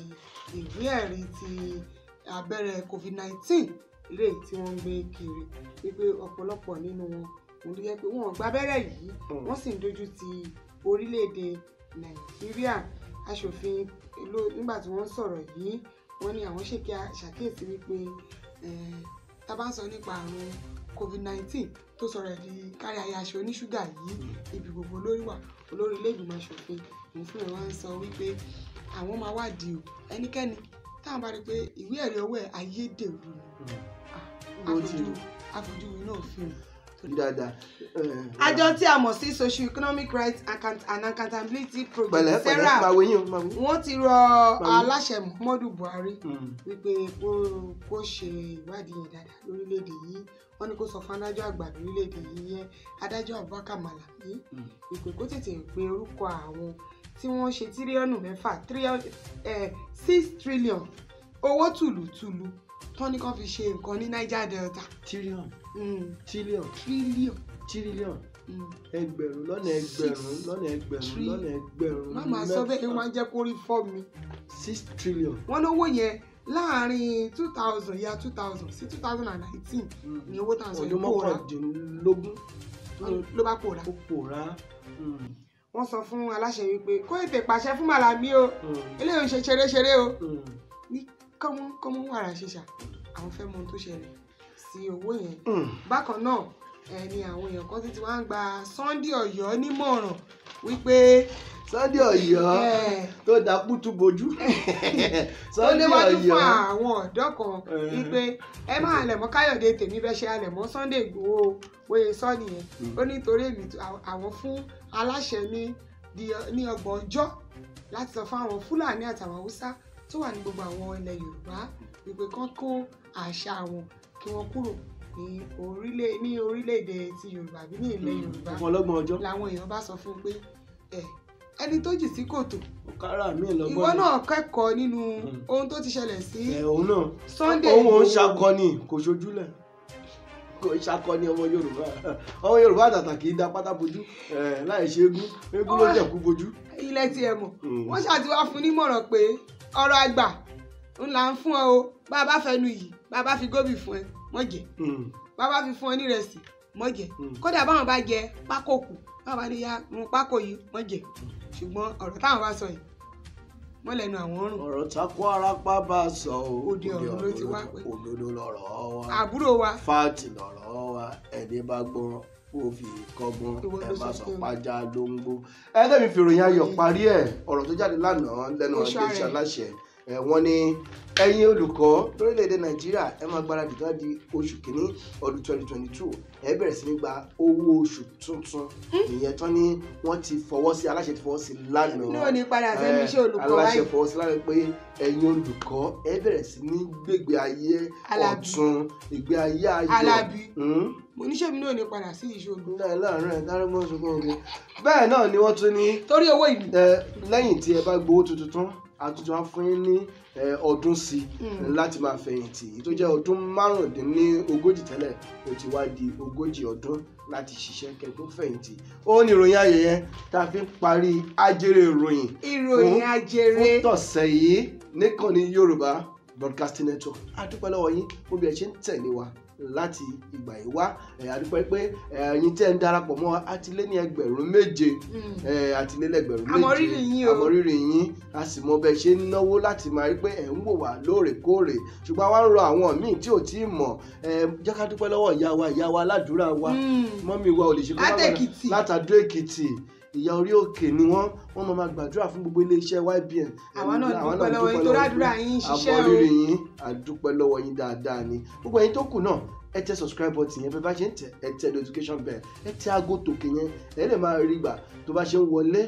ìwé ẹ̀rí ti abẹ́rẹ́ covid nineteen, léyìí tí wọ́n ń gbé kiri wípé ọ̀pọ̀lọpọ̀ nínú wọn òun ló yẹ pé wọn ò gba abẹ́rẹ́ yìí hmm. wọ́n sì ń dojú ti orílẹ̀-èdè Nàìjíríà aṣòfin nígbà tí wọ́n ń sọ̀rọ̀ yìí wọ́n ní àwọn ṣèkí ṣàkíyèsí wípé tá a bá ń sọ nípa àrùn covid nineteen. tó sọ̀rọ̀ di kárí ayé aṣọ oníṣúgà yìí hmm. ibi gbogbo lórí wà olórí ilé ìgbìmọ̀ aṣòfin òun fúnra wọn sọ wípé àwọn máa wádìí o ẹnikẹ́ni táwọn bá rí i pé ìwé ẹ̀rí ọwọ́ ẹ̀ ayédèrú ni àfojú inú òfin àjọ eh. tí a mọ̀ sí socio-economic rights and accountability project sarah wọ́n ti rọ aláṣẹ muhammadu buhari hmm. wípé kó ṣe ìwádìí yẹn dáadáa lórílẹ̀‐èdè yìí wọ́n ní kó sọ fún adájọ́ àgbà lórílẹ̀‐èdè yìí yẹn adájọ́ abubakar malami hmm. wípé kó tètè pe orúkọ àwọn tí wọ́n ṣe tírílíọ̀nù mẹ́fà six trillion owó tùlùtùlù tán ní kàn fi ṣe nǹkan ní Niger Delta. trillion mm. trillion trillion trillion mm. ẹgbẹ̀rún lọ́nà ẹgbẹ̀rún lọ́nà ẹgbẹ̀rún lọ́nà ẹgbẹ̀rún mẹ́fà. màmá sọ bẹ́ẹ̀ wọ́n á jẹ́ kó rí fọ́ mi. six trillion. wọ́n lówó yẹn láàárín two thousand ya two thousand sí two thousand and nineteen ní owó tá à ń sọ yìí pòórá ọdún mọ́kàndínlógún ló bá pòórá. ó pòórá. Mm wọ́n sọ fún aláṣẹ wípé kó ètè pàṣẹ fún Màlàmí o hmm. eléyìí ò ṣe ṣeréṣeré o hmm. ní kọ́mú kọ́mú wàrà ṣèṣà àwọn fẹ́ mọ ohun tó ṣẹlẹ̀ sí owó yẹn hmm. bákan náà ẹni àwọn èèyàn kan ti ti wá ń gba Sunday Ọ̀yọ́ nímọ̀ràn wípé Sunday Ọ̀yọ́ eh. tó da kútu bojú Sunday Ọ̀yọ́ tó léwájú fún àwọn ọ̀dọ́ kan eh. wípé ẹ má àlẹ̀mọ́ Káyọ̀dé tèmi bẹ́ẹ̀ ṣe àlẹ̀mọ́ Sunday Ìgbòho òye sọ nìyẹn ó nítorí èmi àwọn fún aláṣẹ ní ní ọgbọ̀n ọjọ́ láti sọ fáwọn fúlàní àtàwọn haúsá tó wà ní gbogbo àwọn ilẹ̀ yorùbá wípé kán kó àṣà wọn kí wọ́n kúrò ní orílẹ̀ ní orílẹ̀-èdè ti yorùbá àbí ní ilẹ̀ hmm, yorùbá làwọn èèyàn bá sọ fún un pé ẹ ẹni tó jì sí kòtò ìwọ náà kẹ́kọ̀ọ́ nínú hmm. ohun tó ti ṣẹlẹ̀ sí Sunday òun òun ṣakọni kò ṣojúlẹ̀ kò ṣàkọni ọmọ yorùbá ọmọ yorùbá àtàtà kì í da pátá bojú láì ṣe eégún eégún ló jẹ̀kú bojú. ilé tí ẹ mọ̀ hmm. wọ́n ṣàtiwá fún nímọ̀ràn pé ọ̀rọ̀ àgbà ńlá ń fún ọ o bá a bá fẹnu yìí bá a bá fi gómìn fún ẹ mọ̀jẹ̀ hmm. bá a bá fi fún ọ nírẹsì mọ̀jẹ̀ hmm. kódà báwọn bá jẹ pákó kù báwọn bá ní ya mú pákó yìí mọ̀jẹ̀ ṣùgbọ́n ọ̀rọ̀ táwọn bá sọ yìí wọ́n lẹ́nu àwọn rùn. ọ̀rọ̀ takò arapa bá a sọ o òde ọ̀run ló ti wá pé òdodo lọ̀rọ̀ wa àbúrò wa fáàtì lọ̀rọ̀ wa ẹni bá gbọ́rọ̀ ó fi kọ́gbọ́n ẹ bá sọ pàjá lóńgbò. ẹ lẹ́mi fèròyìn ayọ̀ parí ẹ̀ ọ̀rọ̀ tó jáde lánàá lẹ́nu ọ̀dẹ́sẹ̀ aláṣẹ wọ́n ní ẹ̀yin olùkọ́ lórílẹ̀‐èdè nàìjíríà ẹ máa gbáradì tó di oṣù kìíní ọdún twenty twenty two ẹ bẹ̀rẹ̀ sí ní gba owó oṣù tuntun hmm? ìyẹn tán ni wọ́n ti fọwọ́ sí aláṣẹ ti fọwọ́ sí lánàá ní òní padà sẹ́nu iṣẹ́ olùkọ́ báyìí aláṣẹ fọwọ́ sí lánàá pé ẹ̀yin olùkọ́ ẹ bẹ̀rẹ̀ sí ní gbègbè ayé ọ̀tun ìgbé ayé ayọ̀ alábí hmm? oníṣègùn náà ní padà sí ìṣòro. láàárín ẹ dárí mọ́ ṣùgbọ́n ogun bẹ́ẹ̀ náà ni wọ́n tún ní. torí owó ìlú. lẹ́yìn tí ẹ bá gbowó tuntun tán àtúntò wá fún yín ní ọdún sí mm. láti máa fẹ̀yìntì èyí tó jẹ́ ọdún márùndínlógójì tẹ́lẹ̀ ó ti wá di ogójì ọdún láti ṣiṣẹ́ kẹ́ tó fẹ̀yìntì ó ní ìròyìn ayẹyẹ tá a fi parí ajere ìròyìn ìròyìn ajere fún tọ̀sẹ̀ yìí nìkan ní Yorùbá Broadcasting Network a dúpẹ́ lọ́wọ́ yín fún bí ẹ ṣe ń tẹ̀lé wa láti ìgbà yìí wá àdúpẹ́ pé ẹ̀yin tẹ́ ń darapọ̀ mọ́ àtìlé ní ẹgbẹ̀rún méje àtìlé hmm. lẹ́gbẹ̀rún méje àmọ̀rírì yín o àmọ̀rírì yín a sì mọ bẹ́ẹ̀ ṣe ń náwó láti máa rí pé ẹ̀ ń wò wá lóòrèkóòrè ṣùgbọ́n wá ń rọ àwọn míì tí ò tí ì mọ̀ jẹ́ ká dúpẹ́ lọ́wọ́ ìyá wa ìyá wa aládùúrà wa hmm. mọ́mí wa ò lè ṣe kó látàdó èkìtì ìyá orí òkè ni wọ́n wọ́n máa máa gbàdúrà fún gbogbo iléeṣẹ́ YBN. àwa náà dúpẹ́ lọ́wọ́ yín torí àdúrà yín ń ṣiṣẹ́ o àbọ̀ rírì yín àdúpẹ́ lọ́wọ́ yín dáadáa ni gbogbo ẹ̀yin tó kù náà ẹ tẹ subscribe button yẹn bẹ bá ṣe ń tẹ ẹ tẹ notification bell ẹ tẹ aago tòkè yẹn ẹ lè máa rí gbà tó bá ṣe ń wọlé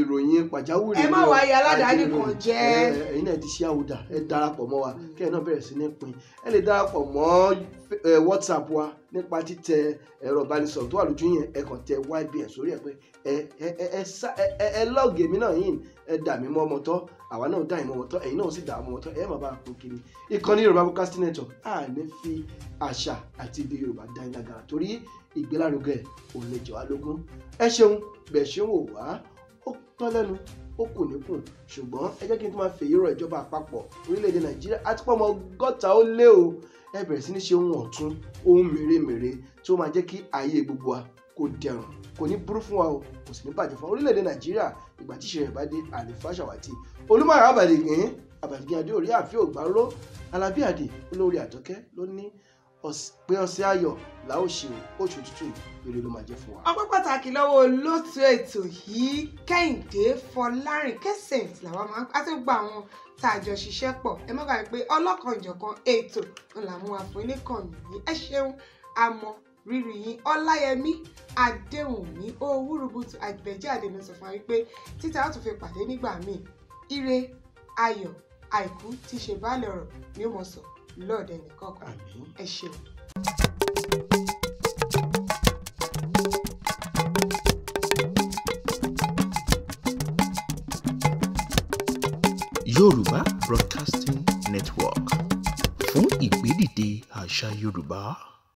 ìròyìn pàjáwìrì ẹ má wá ayé aládàáni kan jẹ ẹ̀yin náà ti ṣe àwùdà ẹ darapọ̀ mọ́ wa kẹ́ ẹ náà bẹ̀rẹ̀ sí ní pín ẹ lè darapọ̀ mọ́ WhatsApp wa nípa títẹ ẹ̀rọ ìbánisọ̀rọ̀ tó wà lójú yẹn ẹ kàn tẹ ybn sórí ẹ pé ẹ ẹ ẹ ẹ lọ́ọ̀gì èmi náà yìí ẹ dà mí mọ́ ọmọ tọ́ àwa náà dà ìmọ̀ ọmọ tọ́ ẹ̀yin náà sì dà ọmọ tọ́ ẹ má bàa kó kiri ìkànnì yorùbá broadcasting network à ní fi àṣà àti ibi yorùbá dá iná gara torí ìgbélárugẹ òun lè jẹ wá lógún ẹ ṣeun bẹ̀ ṣe wò wá ó tọ́ lẹ́nu ó kù níkùn ṣùgbọ́n ẹ jẹ́ kí n tó máa fèyí rọ ìjọba àpapọ̀ orílẹ̀-èdè nàìjíríà àti pọ̀ ọmọ ọgọ́ta ó lé o ẹ bẹ̀rẹ̀ sí ní ṣe ohun ọ̀tún ohun mèremère tí ó máa jẹ́ kí ayé gbogbo wa kò dẹrùn kò ní burú fún wa o kò sì ní bàjẹ́ fún wa orílẹ̀-èdè nàìjíríà ìgbà tí ìṣẹ̀lẹ̀ bá dé àlefa ṣàwátì olùmọ̀ràn àbàdìgín àbàdìgín adé òrí àfi ògbárò alábíàdé olórí àtọ́kẹ́ ló ní pé ọ̀sẹ̀ ayọ̀ la ó ṣe oṣù tuntun ire ló máa jẹ́ fún wa. ọpẹ́ pàtàkì lọ́wọ́ olóòtú ètò yìí kẹ́hìndé fọlárìn kẹsẹ̀ǹt làwọn máa ń àti gbogbo àwọn tá a jọ ṣiṣẹ́ pọ̀ ẹ má gbàgbé pé ọlọ́kanjọ̀kan ètò ńlá mú wa fún oníkànnì yìí ẹ ṣeun àmọ́ rírì yín ọláyẹmí adéhùnmí owúrúbutu àgbẹjẹ àdènà sọ fún wa wípé títà ó tún fi pàdé nígbà míì ire ayọ̀ àìkú ti ṣe báàlẹ̀ ọ̀rọ̀ ni ó mọ sọ lọ́ọ̀dẹ nìkọ̀ọ̀kan ẹ ṣeun. Yorùbá Broadcasting Network fún ìgbédìde àṣà Yorùbá.